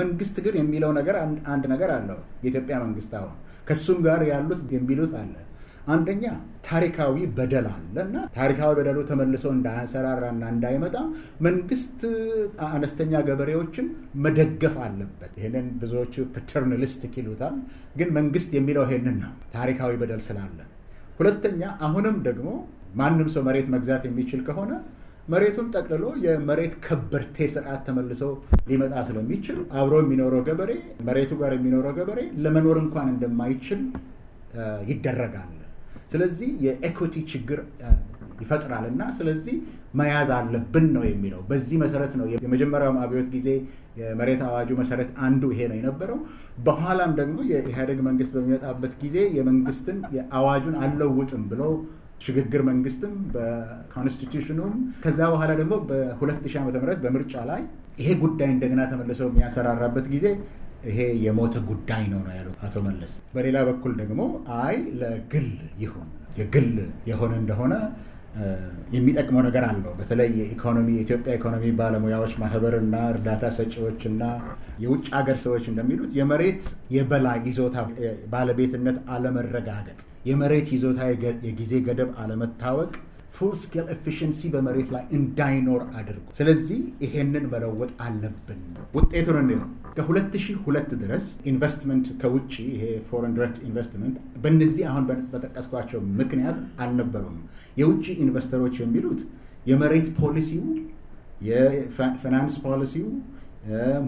መንግስት ግን የሚለው ነገር አንድ ነገር አለው። የኢትዮጵያ መንግስት አሁን ከሱም ጋር ያሉት የሚሉት አለ አንደኛ ታሪካዊ በደል አለ እና ታሪካዊ በደሉ ተመልሶ እንዳያንሰራራና እንዳይመጣ መንግስት አነስተኛ ገበሬዎችን መደገፍ አለበት። ይህንን ብዙዎቹ ፓተርናሊስቲክ ይሉታል፣ ግን መንግስት የሚለው ይሄንን ነው፣ ታሪካዊ በደል ስላለ። ሁለተኛ አሁንም ደግሞ ማንም ሰው መሬት መግዛት የሚችል ከሆነ መሬቱን ጠቅልሎ የመሬት ከበርቴ ስርዓት ተመልሶ ሊመጣ ስለሚችል አብሮ የሚኖረው ገበሬ መሬቱ ጋር የሚኖረው ገበሬ ለመኖር እንኳን እንደማይችል ይደረጋል። ስለዚህ የኤኩቲ ችግር ይፈጥራል እና ስለዚህ መያዝ አለብን ነው የሚለው። በዚህ መሰረት ነው የመጀመሪያውም አብዮት ጊዜ የመሬት አዋጁ መሰረት አንዱ ይሄ ነው የነበረው። በኋላም ደግሞ የኢህአደግ መንግስት በሚመጣበት ጊዜ የመንግስትን የአዋጁን አልለውጥም ብሎ ሽግግር መንግስትም በኮንስቲቱሽኑም ከዛ በኋላ ደግሞ በ2000 ዓ ም በምርጫ ላይ ይሄ ጉዳይ እንደገና ተመልሰው የሚያሰራራበት ጊዜ ይሄ የሞተ ጉዳይ ነው ነው ያሉት አቶ መለስ። በሌላ በኩል ደግሞ አይ ለግል ይሁን የግል የሆነ እንደሆነ የሚጠቅመው ነገር አለው። በተለይ የኢኮኖሚ የኢትዮጵያ ኢኮኖሚ ባለሙያዎች ማህበርና እርዳታ ሰጪዎች እና የውጭ ሀገር ሰዎች እንደሚሉት የመሬት የበላይ ይዞታ ባለቤትነት አለመረጋገጥ፣ የመሬት ይዞታ የጊዜ ገደብ አለመታወቅ ፉል ስኬል ኤፊሽንሲ በመሬት ላይ እንዳይኖር አድርጉ ስለዚህ ይሄንን መለወጥ አለብን። ውጤቱን እንየው። ከ2002 ድረስ ኢንቨስትመንት ከውጭ ይሄ ፎረን ዲሬክት ኢንቨስትመንት በእነዚህ አሁን በጠቀስኳቸው ምክንያት አልነበሩም የውጭ ኢንቨስተሮች የሚሉት የመሬት ፖሊሲው፣ የፋይናንስ ፖሊሲው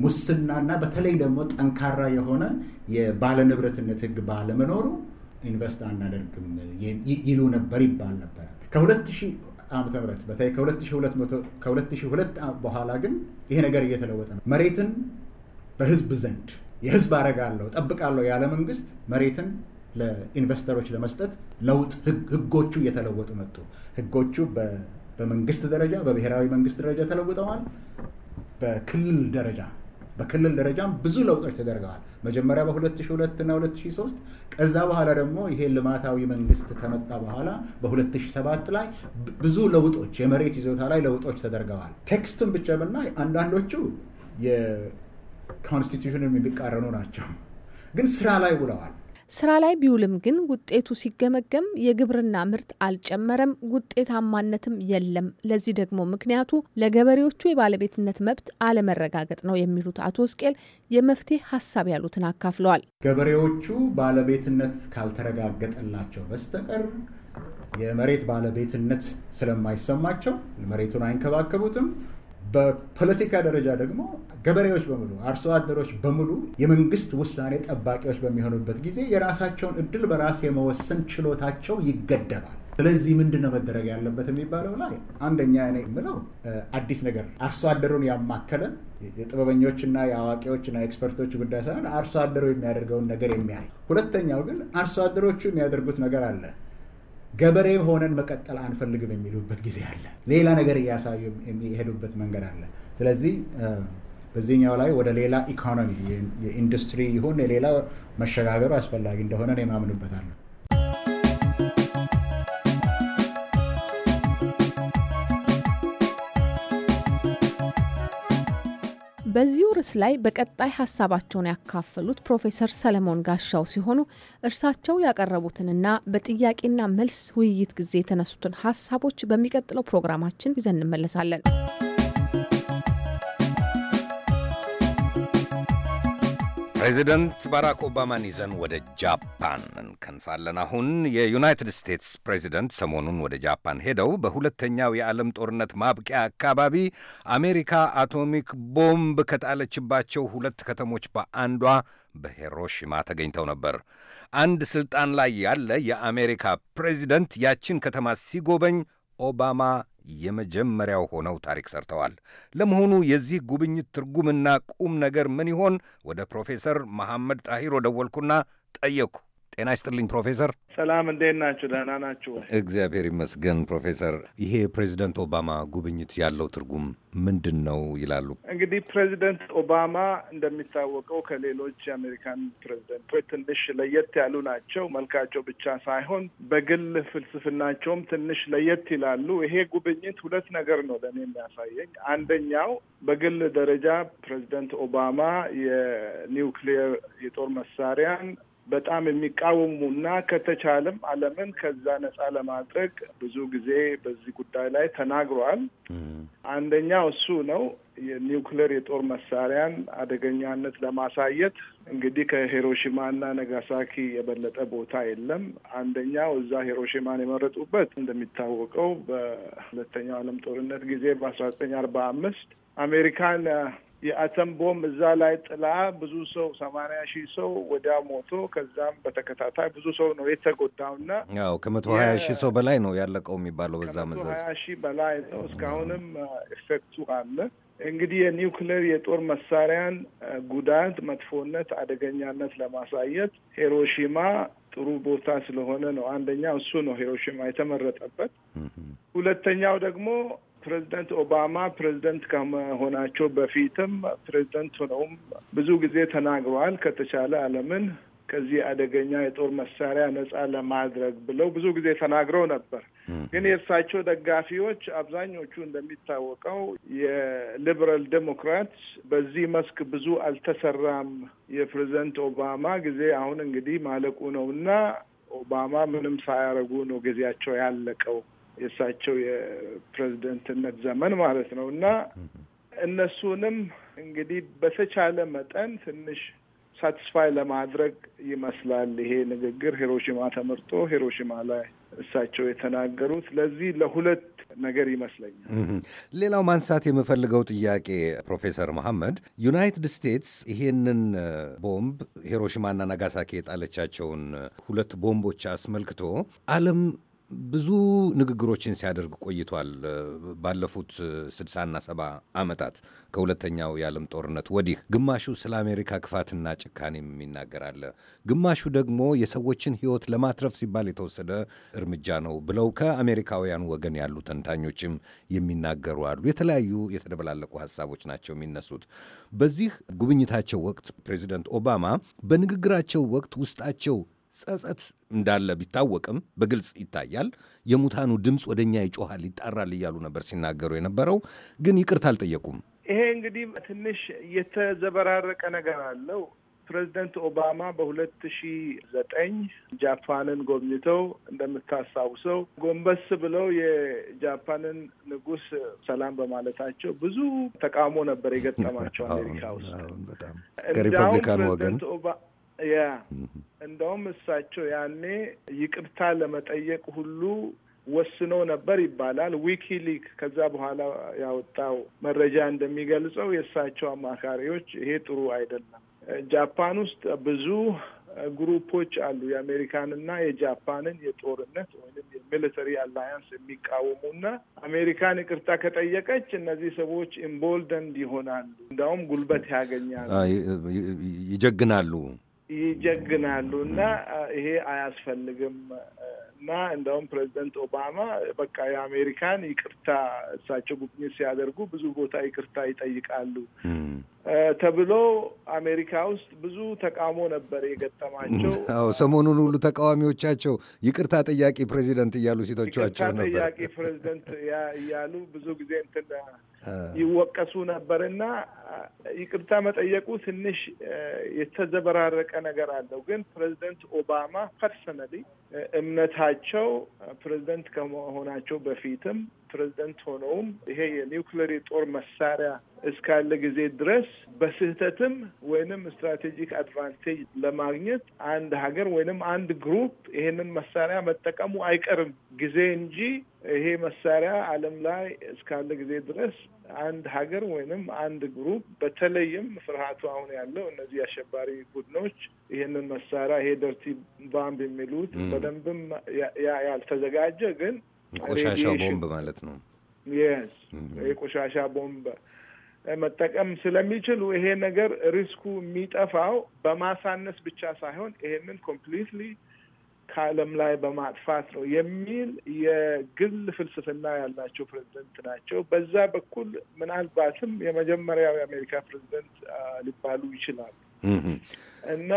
ሙስናና በተለይ ደግሞ ጠንካራ የሆነ የባለንብረትነት ሕግ ባለመኖሩ ኢንቨስት አናደርግም ይሉ ነበር ይባል ነበር። ከ2000 ዓመተ ምህረት በተለይ ከ2002 በኋላ ግን ይሄ ነገር እየተለወጠ ነው። መሬትን በህዝብ ዘንድ የህዝብ አረጋለሁ ጠብቃለሁ ያለ መንግስት መሬትን ለኢንቨስተሮች ለመስጠት ለውጥ ህጎቹ እየተለወጡ መጡ። ህጎቹ በመንግስት ደረጃ በብሔራዊ መንግስት ደረጃ ተለውጠዋል። በክልል ደረጃ በክልል ደረጃም ብዙ ለውጦች ተደርገዋል። መጀመሪያ በ2002 እና 2003 ከዛ በኋላ ደግሞ ይሄ ልማታዊ መንግስት ከመጣ በኋላ በ2007 ላይ ብዙ ለውጦች የመሬት ይዞታ ላይ ለውጦች ተደርገዋል። ቴክስቱን ብቻ ብናይ አንዳንዶቹ የኮንስቲቱሽን የሚቃረኑ ናቸው፣ ግን ስራ ላይ ውለዋል። ስራ ላይ ቢውልም ግን ውጤቱ ሲገመገም የግብርና ምርት አልጨመረም፣ ውጤታማነትም የለም። ለዚህ ደግሞ ምክንያቱ ለገበሬዎቹ የባለቤትነት መብት አለመረጋገጥ ነው የሚሉት አቶ እስቄል የመፍትሄ ሀሳብ ያሉትን አካፍለዋል። ገበሬዎቹ ባለቤትነት ካልተረጋገጠላቸው በስተቀር የመሬት ባለቤትነት ስለማይሰማቸው መሬቱን አይንከባከቡትም። በፖለቲካ ደረጃ ደግሞ ገበሬዎች በሙሉ አርሶ አደሮች በሙሉ የመንግስት ውሳኔ ጠባቂዎች በሚሆኑበት ጊዜ የራሳቸውን እድል በራስ የመወሰን ችሎታቸው ይገደባል። ስለዚህ ምንድን ነው መደረግ ያለበት የሚባለው ላይ አንደኛ እኔ የምለው አዲስ ነገር አርሶ አደሩን ያማከለ የጥበበኞችና የአዋቂዎችና ኤክስፐርቶች ጉዳይ ሳይሆን አርሶ አደሩ የሚያደርገውን ነገር የሚያይ ሁለተኛው ግን አርሶ አደሮቹ የሚያደርጉት ነገር አለ ገበሬ ሆነን መቀጠል አንፈልግም የሚሉበት ጊዜ አለ። ሌላ ነገር እያሳዩ የሚሄዱበት መንገድ አለ። ስለዚህ በዚህኛው ላይ ወደ ሌላ ኢኮኖሚ የኢንዱስትሪ ይሁን የሌላ መሸጋገሩ አስፈላጊ እንደሆነ እኔ ማምንበታለሁ። በዚሁ ርዕስ ላይ በቀጣይ ሀሳባቸውን ያካፈሉት ፕሮፌሰር ሰለሞን ጋሻው ሲሆኑ እርሳቸው ያቀረቡትንና በጥያቄና መልስ ውይይት ጊዜ የተነሱትን ሀሳቦች በሚቀጥለው ፕሮግራማችን ይዘን እንመለሳለን። ፕሬዚደንት ባራክ ኦባማን ይዘን ወደ ጃፓን እንከንፋለን። አሁን የዩናይትድ ስቴትስ ፕሬዚደንት ሰሞኑን ወደ ጃፓን ሄደው በሁለተኛው የዓለም ጦርነት ማብቂያ አካባቢ አሜሪካ አቶሚክ ቦምብ ከጣለችባቸው ሁለት ከተሞች በአንዷ በሂሮሺማ ተገኝተው ነበር። አንድ ስልጣን ላይ ያለ የአሜሪካ ፕሬዚደንት ያችን ከተማ ሲጎበኝ ኦባማ የመጀመሪያው ሆነው ታሪክ ሰርተዋል። ለመሆኑ የዚህ ጉብኝት ትርጉምና ቁም ነገር ምን ይሆን? ወደ ፕሮፌሰር መሐመድ ጣሂር ደወልኩና ጠየቅኩ። ጤና ይስጥልኝ ፕሮፌሰር። ሰላም፣ እንዴት ናችሁ? ደህና ናችሁ? እግዚአብሔር ይመስገን ፕሮፌሰር። ይሄ የፕሬዚደንት ኦባማ ጉብኝት ያለው ትርጉም ምንድን ነው ይላሉ? እንግዲህ ፕሬዚደንት ኦባማ እንደሚታወቀው ከሌሎች የአሜሪካን ፕሬዚደንቶች ትንሽ ለየት ያሉ ናቸው። መልካቸው ብቻ ሳይሆን በግል ፍልስፍናቸውም ትንሽ ለየት ይላሉ። ይሄ ጉብኝት ሁለት ነገር ነው ለእኔ የሚያሳየኝ። አንደኛው በግል ደረጃ ፕሬዚደንት ኦባማ የኒውክሊየር የጦር መሳሪያን በጣም የሚቃወሙ እና ከተቻለም ዓለምን ከዛ ነጻ ለማድረግ ብዙ ጊዜ በዚህ ጉዳይ ላይ ተናግሯል። አንደኛው እሱ ነው። የኒውክሌር የጦር መሳሪያን አደገኛነት ለማሳየት እንግዲህ ከሂሮሺማና ነጋሳኪ የበለጠ ቦታ የለም። አንደኛው እዛ ሂሮሺማን የመረጡበት እንደሚታወቀው በሁለተኛው ዓለም ጦርነት ጊዜ በአስራ ዘጠኝ አርባ አምስት አሜሪካን የአተም ቦምብ እዛ ላይ ጥላ ብዙ ሰው ሰማንያ ሺህ ሰው ወዲያ ሞቶ ከዛም በተከታታይ ብዙ ሰው ነው የተጎዳውና ያው ከመቶ ሀያ ሺህ ሰው በላይ ነው ያለቀው የሚባለው በዛ መዘዝ ሀያ ሺህ በላይ ነው። እስካሁንም ኢፌክቱ አለ። እንግዲህ የኒውክሌር የጦር መሳሪያን ጉዳት፣ መጥፎነት፣ አደገኛነት ለማሳየት ሂሮሺማ ጥሩ ቦታ ስለሆነ ነው። አንደኛው እሱ ነው ሂሮሺማ የተመረጠበት። ሁለተኛው ደግሞ ፕሬዚደንት ኦባማ ፕሬዚደንት ከመሆናቸው በፊትም ፕሬዚደንት ሆነውም ብዙ ጊዜ ተናግረዋል። ከተቻለ ዓለምን ከዚህ አደገኛ የጦር መሳሪያ ነጻ ለማድረግ ብለው ብዙ ጊዜ ተናግረው ነበር። ግን የእርሳቸው ደጋፊዎች አብዛኞቹ እንደሚታወቀው የሊበራል ዴሞክራት በዚህ መስክ ብዙ አልተሰራም፣ የፕሬዚደንት ኦባማ ጊዜ አሁን እንግዲህ ማለቁ ነው እና ኦባማ ምንም ሳያረጉ ነው ጊዜያቸው ያለቀው የእሳቸው የፕሬዝደንትነት ዘመን ማለት ነው እና እነሱንም እንግዲህ በተቻለ መጠን ትንሽ ሳቲስፋይ ለማድረግ ይመስላል ይሄ ንግግር ሂሮሽማ ተመርጦ ሂሮሽማ ላይ እሳቸው የተናገሩት ለዚህ ለሁለት ነገር ይመስለኛል። ሌላው ማንሳት የምፈልገው ጥያቄ ፕሮፌሰር መሐመድ ዩናይትድ ስቴትስ ይሄንን ቦምብ ሂሮሺማና ናጋሳኪ የጣለቻቸውን ሁለት ቦምቦች አስመልክቶ ዓለም ብዙ ንግግሮችን ሲያደርግ ቆይቷል። ባለፉት ስድሳና ሰባ ዓመታት ከሁለተኛው የዓለም ጦርነት ወዲህ ግማሹ ስለ አሜሪካ ክፋትና ጭካኔም ይናገራል፣ ግማሹ ደግሞ የሰዎችን ሕይወት ለማትረፍ ሲባል የተወሰደ እርምጃ ነው ብለው ከአሜሪካውያን ወገን ያሉ ተንታኞችም የሚናገሩ አሉ። የተለያዩ የተደበላለቁ ሀሳቦች ናቸው የሚነሱት። በዚህ ጉብኝታቸው ወቅት ፕሬዚደንት ኦባማ በንግግራቸው ወቅት ውስጣቸው ጸጸት እንዳለ ቢታወቅም በግልጽ ይታያል። የሙታኑ ድምፅ ወደ እኛ ይጮሃል፣ ይጣራል እያሉ ነበር ሲናገሩ የነበረው ግን ይቅርታ አልጠየቁም። ይሄ እንግዲህ ትንሽ የተዘበራረቀ ነገር አለው። ፕሬዚደንት ኦባማ በሁለት 209 ዘጠኝ ጃፓንን ጎብኝተው እንደምታስታውሰው ጎንበስ ብለው የጃፓንን ንጉስ ሰላም በማለታቸው ብዙ ተቃውሞ ነበር የገጠማቸው አሜሪካ ውስጥ። ከሪፐብሊካን ወገን ያ እንደውም እሳቸው ያኔ ይቅርታ ለመጠየቅ ሁሉ ወስኖ ነበር ይባላል። ዊኪሊክ ከዛ በኋላ ያወጣው መረጃ እንደሚገልጸው የእሳቸው አማካሪዎች ይሄ ጥሩ አይደለም፣ ጃፓን ውስጥ ብዙ ግሩፖች አሉ የአሜሪካንና የጃፓንን የጦርነት ወይም የሚሊተሪ አላያንስ የሚቃወሙና አሜሪካን ይቅርታ ከጠየቀች እነዚህ ሰዎች ኢምቦልደንድ ይሆናሉ፣ እንዲያውም ጉልበት ያገኛሉ፣ ይጀግናሉ ይጀግናሉ እና ይሄ አያስፈልግም እና እንደውም ፕሬዚደንት ኦባማ በቃ የአሜሪካን ይቅርታ እሳቸው ጉብኝት ሲያደርጉ ብዙ ቦታ ይቅርታ ይጠይቃሉ ተብሎ አሜሪካ ውስጥ ብዙ ተቃውሞ ነበር የገጠማቸው። [LAUGHS] ሰሞኑን ሁሉ ተቃዋሚዎቻቸው ይቅርታ ጠያቂ ፕሬዚደንት እያሉ ሲተቿቸው ነበር። ጠያቂ ፕሬዚደንት እያሉ ብዙ ጊዜ እንትን ይወቀሱ ነበር እና ይቅርታ መጠየቁ ትንሽ የተዘበራረቀ ነገር አለው። ግን ፕሬዚደንት ኦባማ ፐርሰናሊ እምነታቸው ፕሬዚደንት ከመሆናቸው በፊትም ፕሬዝደንት ሆነውም ይሄ የኒውክሌር የጦር መሳሪያ እስካለ ጊዜ ድረስ በስህተትም ወይንም ስትራቴጂክ አድቫንቴጅ ለማግኘት አንድ ሀገር ወይንም አንድ ግሩፕ ይሄንን መሳሪያ መጠቀሙ አይቀርም ጊዜ እንጂ ይሄ መሳሪያ ዓለም ላይ እስካለ ጊዜ ድረስ አንድ ሀገር ወይንም አንድ ግሩፕ በተለይም ፍርሃቱ አሁን ያለው እነዚህ አሸባሪ ቡድኖች ይህንን መሳሪያ ይሄ ደርቲ ባምብ የሚሉት በደንብም ያልተዘጋጀ ግን ቆሻሻ ቦምብ ማለት ነው። የስ የቆሻሻ ቦምብ መጠቀም ስለሚችሉ ይሄ ነገር ሪስኩ የሚጠፋው በማሳነስ ብቻ ሳይሆን ይሄንን ኮምፕሊትሊ ከዓለም ላይ በማጥፋት ነው የሚል የግል ፍልስፍና ያላቸው ፕሬዚደንት ናቸው። በዛ በኩል ምናልባትም የመጀመሪያው የአሜሪካ ፕሬዚደንት ሊባሉ ይችላሉ እና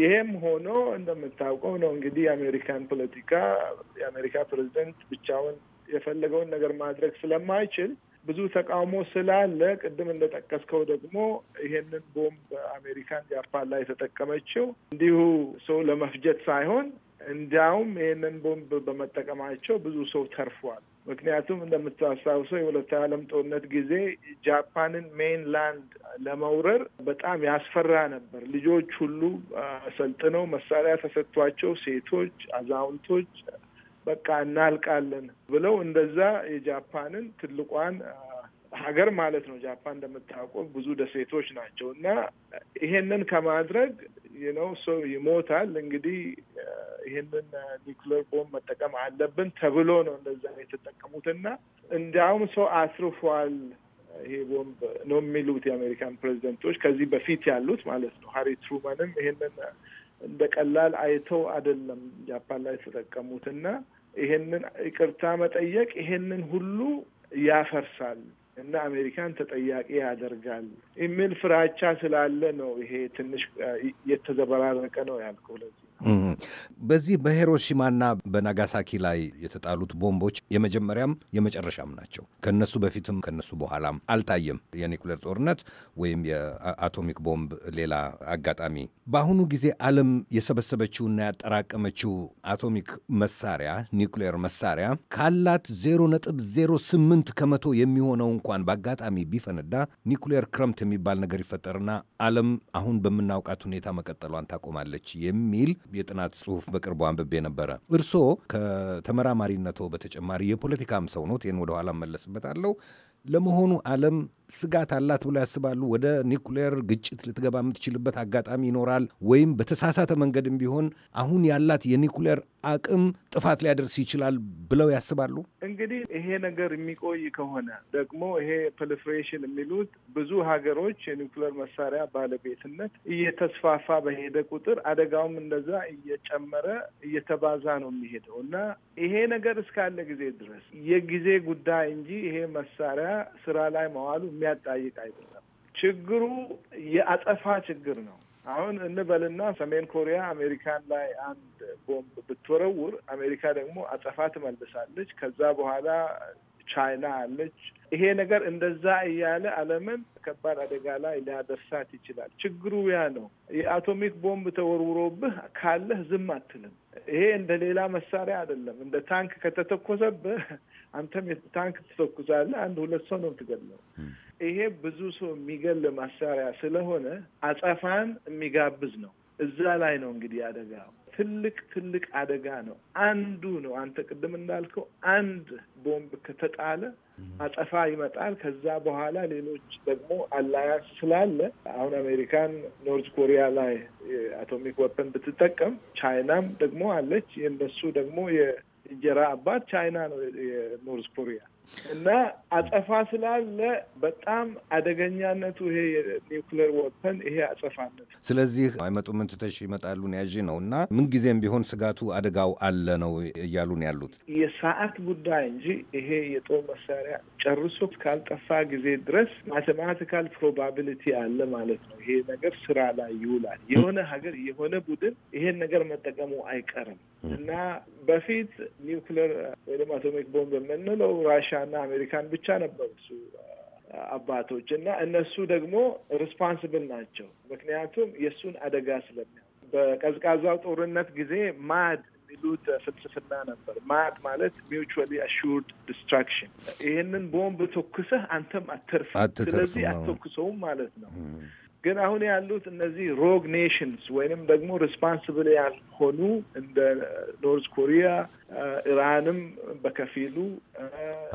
ይሄም ሆኖ እንደምታውቀው ነው እንግዲህ የአሜሪካን ፖለቲካ የአሜሪካ ፕሬዚደንት ብቻውን የፈለገውን ነገር ማድረግ ስለማይችል ብዙ ተቃውሞ ስላለ ቅድም እንደጠቀስከው ደግሞ ይሄንን ቦምብ አሜሪካን ጃፓን ላይ የተጠቀመችው እንዲሁ ሰው ለመፍጀት ሳይሆን እንዲያውም ይሄንን ቦምብ በመጠቀማቸው ብዙ ሰው ተርፏል። ምክንያቱም እንደምታስታውሰው የሁለት ዓለም ጦርነት ጊዜ ጃፓንን ሜንላንድ ለመውረር በጣም ያስፈራ ነበር። ልጆች ሁሉ ሰልጥነው መሳሪያ ተሰጥቷቸው፣ ሴቶች፣ አዛውንቶች በቃ እናልቃለን ብለው እንደዛ የጃፓንን ትልቋን ሀገር ማለት ነው። ጃፓን እንደምታውቀው ብዙ ደሴቶች ናቸው እና ይሄንን ከማድረግ ነው ሰው ይሞታል። እንግዲህ ይሄንን ኒውክሌር ቦምብ መጠቀም አለብን ተብሎ ነው እንደዛ የተጠቀሙት እና እንዲያውም ሰው አስርፏል ይሄ ቦምብ ነው የሚሉት የአሜሪካን ፕሬዚደንቶች ከዚህ በፊት ያሉት ማለት ነው። ሀሪ ትሩመንም ይሄንን እንደ ቀላል አይተው አይደለም ጃፓን ላይ የተጠቀሙት እና ይሄንን ይቅርታ መጠየቅ ይሄንን ሁሉ ያፈርሳል እና አሜሪካን ተጠያቂ ያደርጋል የሚል ፍራቻ ስላለ ነው። ይሄ ትንሽ የተዘበራረቀ ነው ያልኩ ለዚህ በዚህ በሂሮሺማና በናጋሳኪ ላይ የተጣሉት ቦምቦች የመጀመሪያም የመጨረሻም ናቸው። ከነሱ በፊትም ከነሱ በኋላም አልታየም የኒኩሌር ጦርነት ወይም የአቶሚክ ቦምብ ሌላ አጋጣሚ። በአሁኑ ጊዜ ዓለም የሰበሰበችውና ያጠራቀመችው አቶሚክ መሳሪያ ኒኩሌር መሳሪያ ካላት 0.08 ከመቶ የሚሆነው እንኳን በአጋጣሚ ቢፈነዳ ኒኩሌር ክረምት የሚባል ነገር ይፈጠርና ዓለም አሁን በምናውቃት ሁኔታ መቀጠሏን ታቆማለች የሚል የጥናት ጽሁፍ በቅርቡ አንብቤ ነበረ። እርስዎ ከተመራማሪነቶ በተጨማሪ የፖለቲካም ሰው ኖት። ይህን ወደኋላ መለስበታለሁ። ለመሆኑ ዓለም ስጋት አላት ብሎ ያስባሉ? ወደ ኒኩሌር ግጭት ልትገባ የምትችልበት አጋጣሚ ይኖራል ወይም በተሳሳተ መንገድም ቢሆን አሁን ያላት የኒኩሌር አቅም ጥፋት ሊያደርስ ይችላል ብለው ያስባሉ? እንግዲህ ይሄ ነገር የሚቆይ ከሆነ ደግሞ ይሄ ፕሊፍሬሽን የሚሉት ብዙ ሀገሮች የኒኩሌር መሳሪያ ባለቤትነት እየተስፋፋ በሄደ ቁጥር አደጋውም እንደዛ እየጨመረ እየተባዛ ነው የሚሄደው እና ይሄ ነገር እስካለ ጊዜ ድረስ የጊዜ ጉዳይ እንጂ ይሄ መሳሪያ ስራ ላይ መዋሉ የሚያጣይቅ አይደለም። ችግሩ የአጸፋ ችግር ነው። አሁን እንበልና ሰሜን ኮሪያ አሜሪካን ላይ አንድ ቦምብ ብትወረውር አሜሪካ ደግሞ አጸፋ ትመልሳለች። ከዛ በኋላ ቻይና አለች። ይሄ ነገር እንደዛ እያለ ዓለምን ከባድ አደጋ ላይ ሊያደርሳት ይችላል። ችግሩ ያ ነው። የአቶሚክ ቦምብ ተወርውሮብህ ካለህ ዝም አትልም። ይሄ እንደ ሌላ መሳሪያ አይደለም። እንደ ታንክ ከተተኮሰብህ አንተም ታንክ ትተኩሳለህ። አንድ ሁለት ሰው ነው የምትገድለው። ይሄ ብዙ ሰው የሚገል መሳሪያ ስለሆነ አጸፋን የሚጋብዝ ነው። እዛ ላይ ነው እንግዲህ አደጋ ትልቅ ትልቅ አደጋ ነው። አንዱ ነው አንተ ቅድም እንዳልከው አንድ ቦምብ ከተጣለ አጸፋ ይመጣል። ከዛ በኋላ ሌሎች ደግሞ አላያንስ ስላለ አሁን አሜሪካን ኖርዝ ኮሪያ ላይ አቶሚክ ወፐን ብትጠቀም ቻይናም ደግሞ አለች። የእነሱ ደግሞ እንጀራ አባት ቻይና ነው የኖርዝ ኮሪያ እና አጸፋ ስላለ በጣም አደገኛነቱ ይሄ የኒውክሌር ወፐን ይሄ አጸፋነት። ስለዚህ አይመጡም ምንትተሽ ይመጣሉ ያዥ ነው እና ምንጊዜም ቢሆን ስጋቱ አደጋው አለ ነው እያሉን ያሉት። የሰዓት ጉዳይ እንጂ ይሄ የጦር መሳሪያ ጨርሶ ካልጠፋ ጊዜ ድረስ ማቴማቲካል ፕሮባቢሊቲ አለ ማለት ነው። ይሄ ነገር ስራ ላይ ይውላል። የሆነ ሀገር የሆነ ቡድን ይሄን ነገር መጠቀሙ አይቀርም። እና በፊት ኒውክሌር ወይ አቶሚክ ቦምብ የምንለው ራሽያና አሜሪካን ብቻ ነበሩ እሱ አባቶች እና እነሱ ደግሞ ሪስፓንስብል ናቸው። ምክንያቱም የእሱን አደጋ ስለሚያ በቀዝቃዛው ጦርነት ጊዜ ማድ የሚሉት ፍልስፍና ነበር። ማድ ማለት ሚውቹዋሊ አሹርድ ዲስትራክሽን። ይህንን ቦምብ ተኩሰህ አንተም አትርፍ፣ ስለዚህ አትተኩሰውም ማለት ነው። ግን አሁን ያሉት እነዚህ ሮግ ኔሽንስ ወይንም ደግሞ ሪስፓንስብል ያልሆኑ እንደ ኖርዝ ኮሪያ ኢራንም በከፊሉ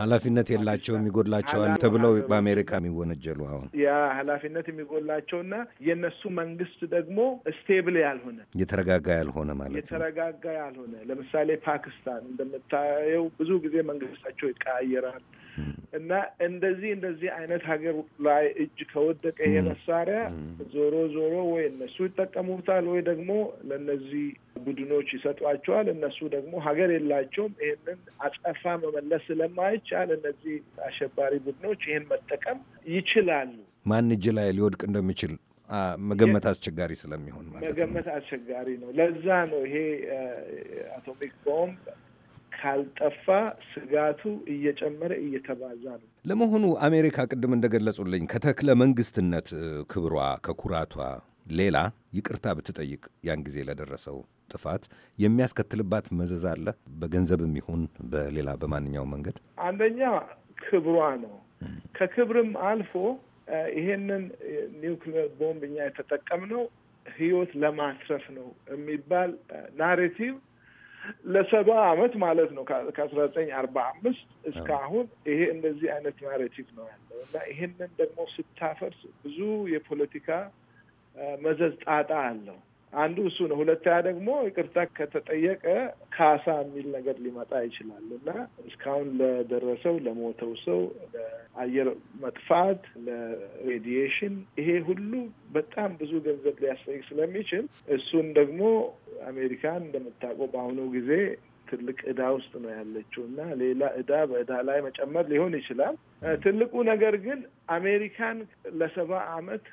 ኃላፊነት የላቸውም ይጎድላቸዋል ተብለው በአሜሪካ የሚወነጀሉ አሁን ያ ኃላፊነት የሚጎድላቸውና የእነሱ መንግስት ደግሞ ስቴብል ያልሆነ የተረጋጋ ያልሆነ ማለት የተረጋጋ ያልሆነ ለምሳሌ ፓኪስታን እንደምታየው ብዙ ጊዜ መንግስታቸው ይቀያየራል እና እንደዚህ እንደዚህ አይነት ሀገር ላይ እጅ ከወደቀ ይሄ መሳሪያ ዞሮ ዞሮ ወይ እነሱ ይጠቀሙታል ወይ ደግሞ ለእነዚህ ቡድኖች ይሰጧቸዋል። እነሱ ደግሞ ሀገር የለ የላቸውም። ይህንን አጸፋ መመለስ ስለማይቻል እነዚህ አሸባሪ ቡድኖች ይህን መጠቀም ይችላሉ። ማን እጅ ላይ ሊወድቅ እንደሚችል መገመት አስቸጋሪ ስለሚሆን ማለት ነው። መገመት አስቸጋሪ ነው። ለዛ ነው ይሄ አቶሚክ ቦምብ ካልጠፋ ስጋቱ እየጨመረ እየተባዛ ነው። ለመሆኑ አሜሪካ ቅድም እንደገለጹልኝ ከተክለ መንግስትነት ክብሯ ከኩራቷ ሌላ ይቅርታ ብትጠይቅ ያን ጊዜ ለደረሰው ጥፋት የሚያስከትልባት መዘዝ አለ፣ በገንዘብም ይሁን በሌላ በማንኛውም መንገድ። አንደኛ ክብሯ ነው። ከክብርም አልፎ ይሄንን ኒውክሊየር ቦምብ እኛ የተጠቀምነው ህይወት ለማስረፍ ነው የሚባል ናሬቲቭ ለሰባ አመት ማለት ነው ከአስራ ዘጠኝ አርባ አምስት እስከ አሁን ይሄ እንደዚህ አይነት ናሬቲቭ ነው ያለው እና ይሄንን ደግሞ ስታፈርስ ብዙ የፖለቲካ መዘዝ ጣጣ አለው። አንዱ እሱ ነው። ሁለተኛ ደግሞ ይቅርታ ከተጠየቀ ካሳ የሚል ነገር ሊመጣ ይችላል እና እስካሁን ለደረሰው ለሞተው ሰው፣ ለአየር መጥፋት፣ ለሬዲዬሽን ይሄ ሁሉ በጣም ብዙ ገንዘብ ሊያስጠይቅ ስለሚችል እሱን ደግሞ አሜሪካን እንደምታውቀው በአሁኑ ጊዜ ትልቅ እዳ ውስጥ ነው ያለችው እና ሌላ እዳ በእዳ ላይ መጨመር ሊሆን ይችላል። ትልቁ ነገር ግን አሜሪካን ለሰባ አመት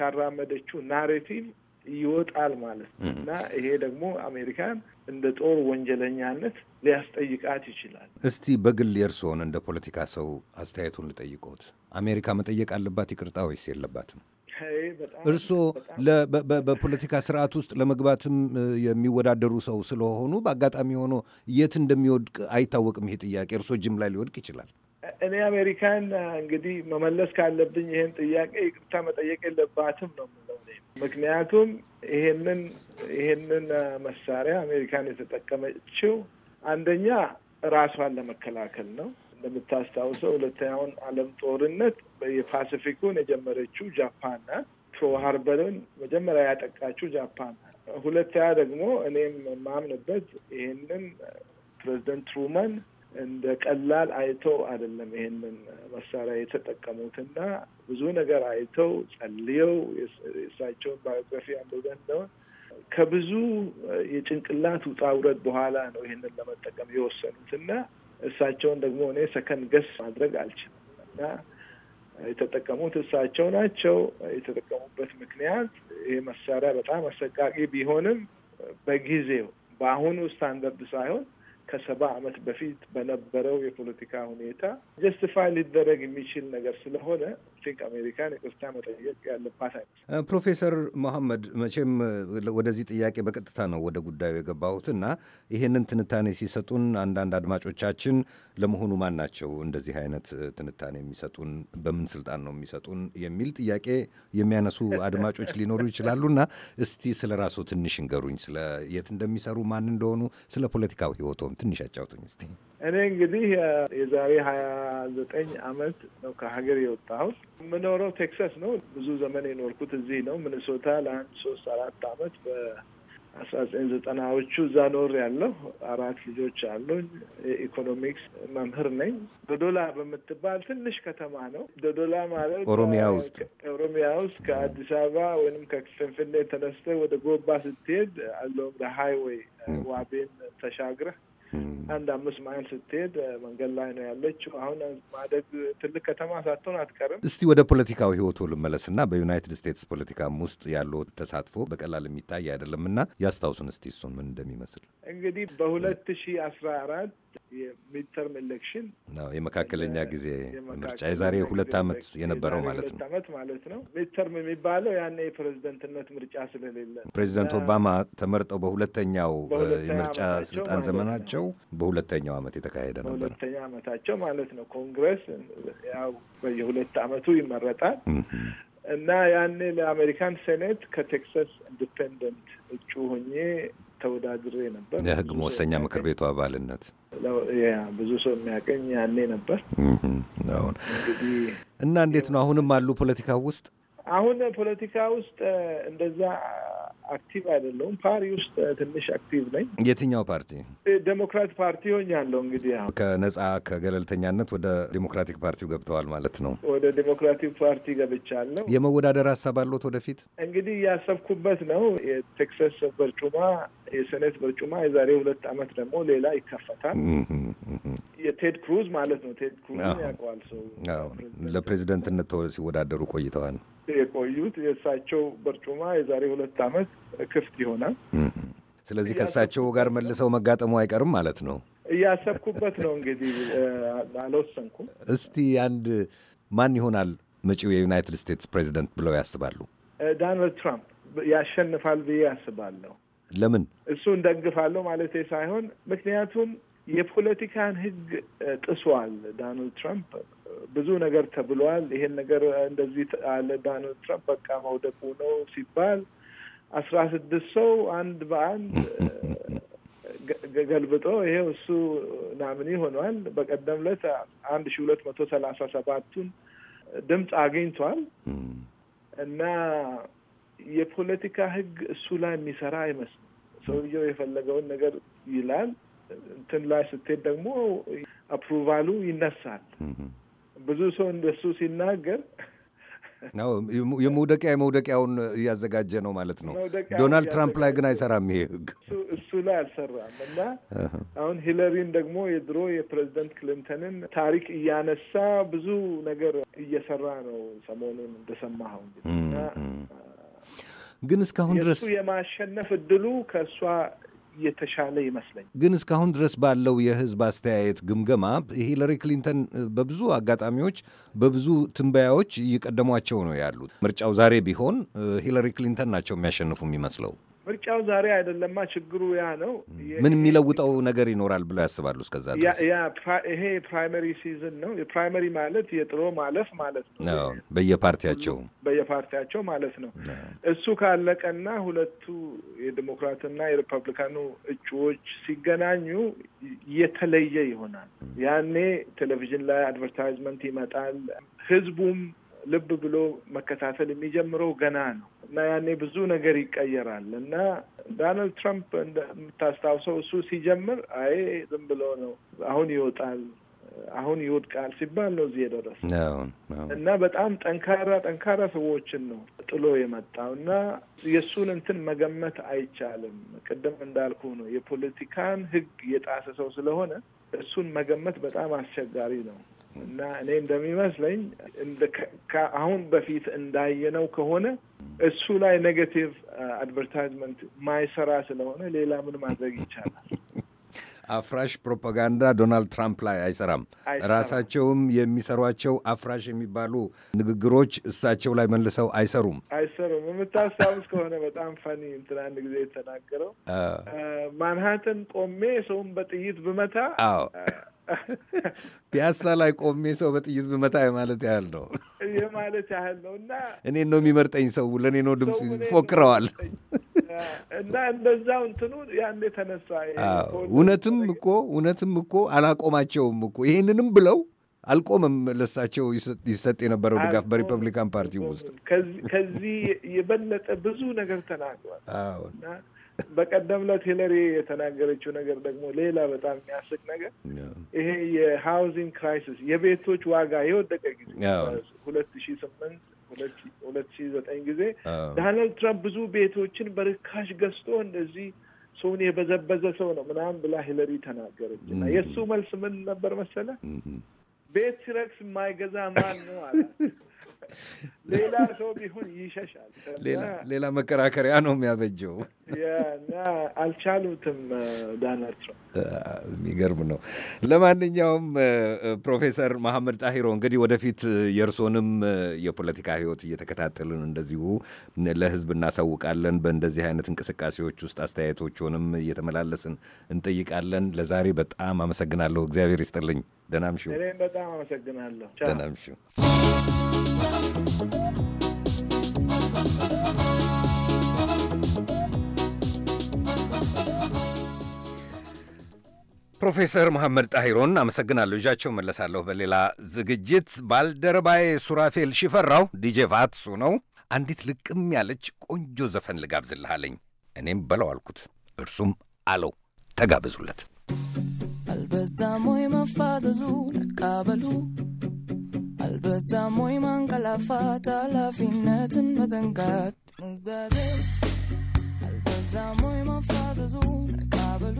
ካራመደችው ናሬቲቭ ይወጣል ማለት ነው እና ይሄ ደግሞ አሜሪካን እንደ ጦር ወንጀለኛነት ሊያስጠይቃት ይችላል። እስቲ በግል የእርስዎን እንደ ፖለቲካ ሰው አስተያየቱን ልጠይቅዎት። አሜሪካ መጠየቅ አለባት ይቅርታ ወይስ የለባትም? እርስዎ በፖለቲካ ስርዓት ውስጥ ለመግባትም የሚወዳደሩ ሰው ስለሆኑ በአጋጣሚ ሆኖ የት እንደሚወድቅ አይታወቅም ይሄ ጥያቄ እርስዎ ጅም ላይ ሊወድቅ ይችላል። እኔ አሜሪካን እንግዲህ መመለስ ካለብኝ ይህን ጥያቄ ይቅርታ መጠየቅ የለባትም ነው የምለው። ምክንያቱም ይሄንን ይሄንን መሳሪያ አሜሪካን የተጠቀመችው አንደኛ ራሷን ለመከላከል ነው እንደምታስታውሰው፣ ሁለተኛውን ዓለም ጦርነት የፓሲፊኩን የጀመረችው ጃፓን ናት። ፐርል ሃርበርን መጀመሪያ ያጠቃችው ጃፓን ናት። ሁለተኛ ደግሞ እኔም የማምንበት ይሄንን ፕሬዚደንት ትሩመን እንደ ቀላል አይተው አይደለም ይሄንን መሳሪያ የተጠቀሙትና ብዙ ነገር አይተው ጸልየው የእሳቸውን ባዮግራፊ አንብበን እንደሆን ከብዙ የጭንቅላት ውጣ ውረድ በኋላ ነው ይሄንን ለመጠቀም የወሰኑትና እሳቸውን ደግሞ እኔ ሰከንድ ገስ ማድረግ አልችልም እና የተጠቀሙት እሳቸው ናቸው። የተጠቀሙበት ምክንያት ይሄ መሳሪያ በጣም አሰቃቂ ቢሆንም በጊዜው በአሁኑ ስታንዳርድ ሳይሆን ከሰባ ዓመት በፊት በነበረው የፖለቲካ ሁኔታ ጀስቲፋይ ሊደረግ የሚችል ነገር ስለሆነ ቲንክ አሜሪካን ይቅርታ መጠየቅ ያለባት አይመስል። ፕሮፌሰር መሐመድ መቼም uh, ወደዚህ ጥያቄ በቀጥታ ነው ወደ ጉዳዩ የገባሁት እና ይህንን ትንታኔ ሲሰጡን አንዳንድ አድማጮቻችን ለመሆኑ ማን ናቸው እንደዚህ አይነት uh, ትንታኔ የሚሰጡን በምን ስልጣን ነው የሚሰጡን የሚል ጥያቄ የሚያነሱ አድማጮች ሊኖሩ ይችላሉና እስቲ ስለ ራሱ ትንሽ እንገሩኝ፣ ስለ የት እንደሚሰሩ ማን እንደሆኑ፣ ስለ ፖለቲካው ህይወቶም ትንሽ አጫውቱኝ እስቲ። እኔ እንግዲህ የዛሬ ሀያ ዘጠኝ አመት ነው ከሀገር የወጣሁት። የምኖረው ቴክሳስ ነው። ብዙ ዘመን የኖርኩት እዚህ ነው። ሚኒሶታ ለአንድ ሶስት አራት አመት በአስራ ዘጠኝ ዘጠናዎቹ እዛ ኖር ያለሁ። አራት ልጆች አሉኝ። የኢኮኖሚክስ መምህር ነኝ። ዶዶላ በምትባል ትንሽ ከተማ ነው። ዶዶላ ማለት ኦሮሚያ ውስጥ ኦሮሚያ ውስጥ ከአዲስ አበባ ወይም ከፍንፍኔ ተነስተ ወደ ጎባ ስትሄድ አለውም ለሀይወይ ዋቤን ተሻግረህ አንድ አምስት ማይል ስትሄድ መንገድ ላይ ነው ያለችው። አሁን ማደግ ትልቅ ከተማ ሳትሆን አትቀርም። እስቲ ወደ ፖለቲካዊ ህይወቱ ልመለስና በዩናይትድ ስቴትስ ፖለቲካም ውስጥ ያለው ተሳትፎ በቀላል የሚታይ አይደለምና ያስታውሱን እስቲ እሱን ምን እንደሚመስል እንግዲህ በሁለት ሺህ አስራ አራት የሚድተርም ኤሌክሽን የመካከለኛ ጊዜ ምርጫ የዛሬ ሁለት ዓመት የነበረው ማለት ነው። ሁለት ዓመት ማለት ነው። ሚድተርም የሚባለው ያኔ የፕሬዚደንትነት ምርጫ ስለሌለ ፕሬዚደንት ኦባማ ተመርጠው በሁለተኛው የምርጫ ስልጣን ዘመናቸው በሁለተኛው ዓመት የተካሄደ ነበር። በሁለተኛ ዓመታቸው ማለት ነው። ኮንግረስ ያው በየሁለት ዓመቱ ይመረጣል እና ያኔ ለአሜሪካን ሴኔት ከቴክሳስ ኢንዲፔንደንት እጩ ሆኜ ተወዳድሬ ነበር የህግ መወሰኛ ምክር ቤቱ አባልነት። ብዙ ሰው የሚያቀኝ ያኔ ነበር። እና እንዴት ነው አሁንም አሉ ፖለቲካ ውስጥ አሁን ፖለቲካ ውስጥ እንደዛ አክቲቭ አይደለውም ፓሪ ውስጥ ትንሽ አክቲቭ ነኝ። የትኛው ፓርቲ? ዴሞክራት ፓርቲ ሆኛለሁ። እንግዲህ አሁን ከነጻ ከገለልተኛነት ወደ ዴሞክራቲክ ፓርቲው ገብተዋል ማለት ነው። ወደ ዴሞክራቲክ ፓርቲ ገብቻለሁ። የመወዳደር ሀሳብ አለዎት ወደፊት? እንግዲህ እያሰብኩበት ነው። የቴክሳስ በርጩማ የሴኔት በርጩማ የዛሬ ሁለት አመት ደግሞ ሌላ ይከፈታል። የቴድ ክሩዝ ማለት ነው። ቴድ ክሩዝ ያውቀዋል ሰው። ለፕሬዚደንትነት ሲወዳደሩ ቆይተዋል። የቆዩት የእሳቸው በርጩማ የዛሬ ሁለት ዓመት ክፍት ይሆናል። ስለዚህ ከእሳቸው ጋር መልሰው መጋጠሙ አይቀርም ማለት ነው። እያሰብኩበት ነው እንግዲህ አልወሰንኩም። እስቲ አንድ ማን ይሆናል መጪው የዩናይትድ ስቴትስ ፕሬዚደንት ብለው ያስባሉ? ዶናልድ ትራምፕ ያሸንፋል ብዬ ያስባለሁ። ለምን እሱ እንደግፋለሁ ማለት ሳይሆን ምክንያቱም የፖለቲካን ህግ ጥሷል ዳናልድ ትራምፕ። ብዙ ነገር ተብሏል። ይሄን ነገር እንደዚህ አለ ዳናልድ ትራምፕ። በቃ መውደቁ ነው ሲባል አስራ ስድስት ሰው አንድ በአንድ ገልብጦ ይሄው እሱ ናምኒ ሆኗል። በቀደም ዕለት አንድ ሺ ሁለት መቶ ሰላሳ ሰባቱን ድምፅ አግኝቷል እና የፖለቲካ ህግ እሱ ላይ የሚሰራ አይመስልም። ሰውየው የፈለገውን ነገር ይላል። እንትን ላይ ስትሄድ ደግሞ አፕሩቫሉ ይነሳል። ብዙ ሰው እንደሱ ሲናገር ነው የመውደቂያ የመውደቂያውን እያዘጋጀ ነው ማለት ነው። ዶናልድ ትራምፕ ላይ ግን አይሰራም ይሄ ህግ፣ እሱ ላይ አልሰራም። እና አሁን ሂለሪን ደግሞ የድሮ የፕሬዚደንት ክሊንተንን ታሪክ እያነሳ ብዙ ነገር እየሰራ ነው ሰሞኑን እንደሰማኸው እንግዲህ። ግን እስካሁን ድረስ የማሸነፍ እድሉ ከእሷ የተሻለ ይመስለኝ። ግን እስካሁን ድረስ ባለው የህዝብ አስተያየት ግምገማ ሂለሪ ክሊንተን በብዙ አጋጣሚዎች በብዙ ትንበያዎች እየቀደሟቸው ነው ያሉት። ምርጫው ዛሬ ቢሆን ሂለሪ ክሊንተን ናቸው የሚያሸንፉ የሚመስለው። ምርጫው ዛሬ አይደለማ። ችግሩ ያ ነው። ምን የሚለውጠው ነገር ይኖራል ብሎ ያስባሉ? እስከዛ ያ ይሄ የፕራይመሪ ሲዝን ነው። የፕራይመሪ ማለት የጥሎ ማለፍ ማለት ነው። በየፓርቲያቸው በየፓርቲያቸው ማለት ነው። እሱ ካለቀና ሁለቱ የዲሞክራትና የሪፐብሊካኑ እጩዎች ሲገናኙ የተለየ ይሆናል። ያኔ ቴሌቪዥን ላይ አድቨርታይዝመንት ይመጣል። ህዝቡም ልብ ብሎ መከታተል የሚጀምረው ገና ነው እና ያኔ ብዙ ነገር ይቀየራል እና ዶናልድ ትራምፕ እንደምታስታውሰው እሱ ሲጀምር አይ ዝም ብሎ ነው አሁን ይወጣል አሁን ይወድቃል ሲባል ነው እዚህ የደረሰ እና በጣም ጠንካራ ጠንካራ ሰዎችን ነው ጥሎ የመጣው እና የእሱን እንትን መገመት አይቻልም። ቅድም እንዳልኩ ነው የፖለቲካን ሕግ የጣሰ ሰው ስለሆነ እሱን መገመት በጣም አስቸጋሪ ነው። እና እኔ እንደሚመስለኝ አሁን በፊት እንዳየነው ከሆነ እሱ ላይ ኔጌቲቭ አድቨርታይዝመንት uh, ማይሰራ ስለሆነ ሌላ ምን ማድረግ ይቻላል? አፍራሽ ፕሮፓጋንዳ ዶናልድ ትራምፕ ላይ አይሰራም። ራሳቸውም የሚሰሯቸው አፍራሽ የሚባሉ ንግግሮች እሳቸው ላይ መልሰው አይሰሩም አይሰሩም። የምታስታውስ ከሆነ በጣም ፈኒ እንትን አንድ ጊዜ የተናገረው uh, ማንሃትን ቆሜ ሰውን በጥይት ብመታ [LAUGHS] ፒያሳ ላይ ቆሜ ሰው በጥይት ብመታ የማለት ያህል ነው ማለት ያህል ነው። እና እኔ ነው የሚመርጠኝ ሰው ለእኔ ነው ድምፅ ፎክረዋል። እና እንደዛው እንትኑ ያን የተነሳ እውነትም እኮ እውነትም እኮ አላቆማቸውም እኮ ይሄንንም ብለው አልቆመም። ለሳቸው ይሰጥ የነበረው ድጋፍ በሪፐብሊካን ፓርቲ ውስጥ ከዚህ የበለጠ ብዙ ነገር ተናግሯል። በቀደም ዕለት ሂለሪ የተናገረችው ነገር ደግሞ ሌላ በጣም የሚያስቅ ነገር ይሄ የሃውዚንግ ክራይሲስ የቤቶች ዋጋ የወደቀ ጊዜ ሁለት ሺ ስምንት ሁለት ሺ ዘጠኝ ጊዜ ዳናልድ ትራምፕ ብዙ ቤቶችን በርካሽ ገዝቶ እንደዚህ ሰውን የበዘበዘ ሰው ነው ምናምን ብላ ሂለሪ ተናገረች እና የእሱ መልስ ምን ነበር መሰለ ቤት ሲረክስ የማይገዛ ማን ነው አላት ሌላ ሰው ቢሆን ይሸሻል። ሌላ መከራከሪያ ነው የሚያበጀው እና አልቻሉትም ዶናልድ የሚገርም ነው። ለማንኛውም ፕሮፌሰር መሐመድ ጣሂሮ እንግዲህ ወደፊት የእርሶንም የፖለቲካ ሕይወት እየተከታተልን እንደዚሁ ለሕዝብ እናሳውቃለን። በእንደዚህ አይነት እንቅስቃሴዎች ውስጥ አስተያየቶችንም እየተመላለስን እንጠይቃለን። ለዛሬ በጣም አመሰግናለሁ። እግዚአብሔር ይስጥልኝ። ደህና እኔም በጣም አመሰግናለሁ። ደህና ፕሮፌሰር መሐመድ ጣሂሮን አመሰግናለሁ። እጃቸው መለሳለሁ። በሌላ ዝግጅት ባልደረባዬ ሱራፌል ሽፈራው ዲጄ ቫትሱ ነው። አንዲት ልቅም ያለች ቆንጆ ዘፈን ልጋብዝልሃለኝ። እኔም በለው አልኩት፣ እርሱም አለው። ተጋብዙለት አልበዛም ወይ መፋዘዙ ነቃበሉ አልበዛም ወይ ማንቀላፋት ኃላፊነትን መዘንጋት መዛት አልበዛም ወይ ማፋዘዙ ነቃበሉ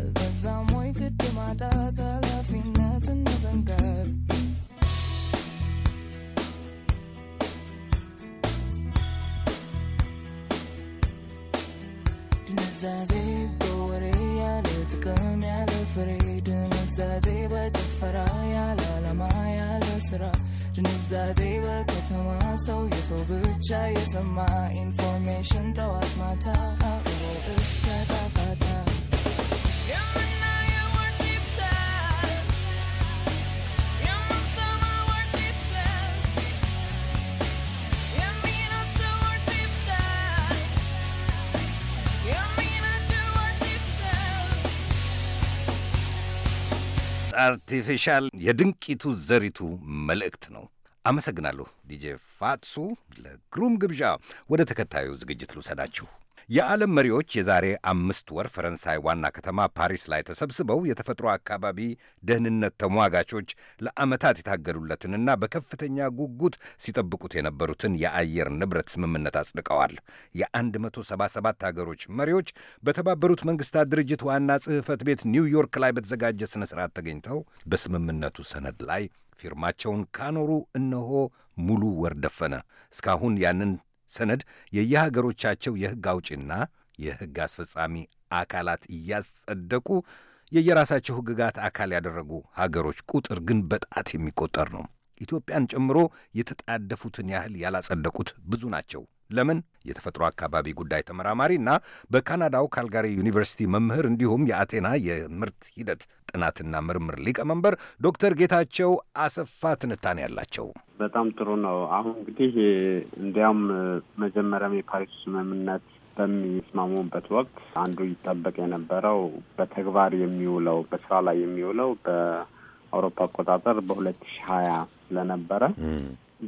አልበዛም ወይ ግድ ማጣት ኃላፊነትን መዘንጋት ዛዜ በወሬ ያለ ጥቅም ያለ ፍሬ ድንዛዜ በጭፈራ ያለ አላማ ያለ ስራ ድንዛዜ በከተማ ሰው የሰው ብቻ የሰማ ኢንፎርሜሽን ጠዋት ማታ አእምሮ እስከ ጣፋታ አርቲፊሻል የድንቂቱ ዘሪቱ መልእክት ነው። አመሰግናለሁ ዲጄ ፋትሱ ለግሩም ግብዣ። ወደ ተከታዩ ዝግጅት ልውሰዳችሁ። የዓለም መሪዎች የዛሬ አምስት ወር ፈረንሳይ ዋና ከተማ ፓሪስ ላይ ተሰብስበው የተፈጥሮ አካባቢ ደህንነት ተሟጋቾች ለዓመታት የታገዱለትንና በከፍተኛ ጉጉት ሲጠብቁት የነበሩትን የአየር ንብረት ስምምነት አጽድቀዋል። የ177 ሀገሮች መሪዎች በተባበሩት መንግስታት ድርጅት ዋና ጽሕፈት ቤት ኒውዮርክ ላይ በተዘጋጀ ሥነ ሥርዓት ተገኝተው በስምምነቱ ሰነድ ላይ ፊርማቸውን ካኖሩ እነሆ ሙሉ ወር ደፈነ። እስካሁን ያንን ሰነድ የየሀገሮቻቸው የሕግ አውጪና የሕግ አስፈጻሚ አካላት እያጸደቁ የየራሳቸው ሕግጋት አካል ያደረጉ ሀገሮች ቁጥር ግን በጣት የሚቆጠር ነው። ኢትዮጵያን ጨምሮ የተጣደፉትን ያህል ያላጸደቁት ብዙ ናቸው። ለምን? የተፈጥሮ አካባቢ ጉዳይ ተመራማሪ እና በካናዳው ካልጋሪ ዩኒቨርሲቲ መምህር እንዲሁም የአቴና የምርት ሂደት ጥናትና ምርምር ሊቀመንበር ዶክተር ጌታቸው አሰፋ ትንታኔ ያላቸው። በጣም ጥሩ ነው። አሁን እንግዲህ እንዲያውም መጀመሪያም የፓሪስ ስምምነት በሚስማሙበት ወቅት አንዱ ይጠበቅ የነበረው በተግባር የሚውለው በስራ ላይ የሚውለው በአውሮፓ አቆጣጠር በሁለት ሺ ሀያ ስለነበረ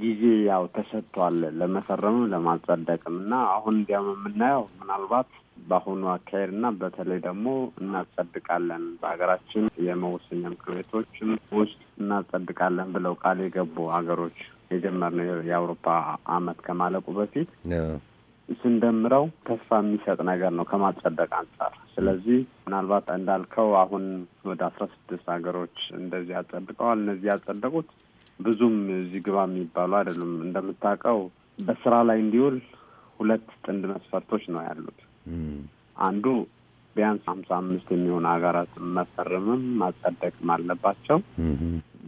ጊዜ ያው ተሰጥቷል ለመፈረምም ለማጸደቅም እና አሁን እንዲያውም የምናየው ምናልባት በአሁኑ አካሄድና በተለይ ደግሞ እናጸድቃለን በሀገራችን የመወሰኛ ምክር ቤቶችም ውስጥ እናጸድቃለን ብለው ቃል የገቡ ሀገሮች የጀመርነው የአውሮፓ አመት ከማለቁ በፊት ስንደምረው ተስፋ የሚሰጥ ነገር ነው ከማጸደቅ አንጻር። ስለዚህ ምናልባት እንዳልከው አሁን ወደ አስራ ስድስት ሀገሮች እንደዚህ ያጸድቀዋል። እነዚህ ያጸደቁት ብዙም እዚህ ግባ የሚባሉ አይደሉም። እንደምታውቀው በስራ ላይ እንዲውል ሁለት ጥንድ መስፈርቶች ነው ያሉት። አንዱ ቢያንስ ሀምሳ አምስት የሚሆኑ ሀገራት መፈረምም ማጸደቅም አለባቸው።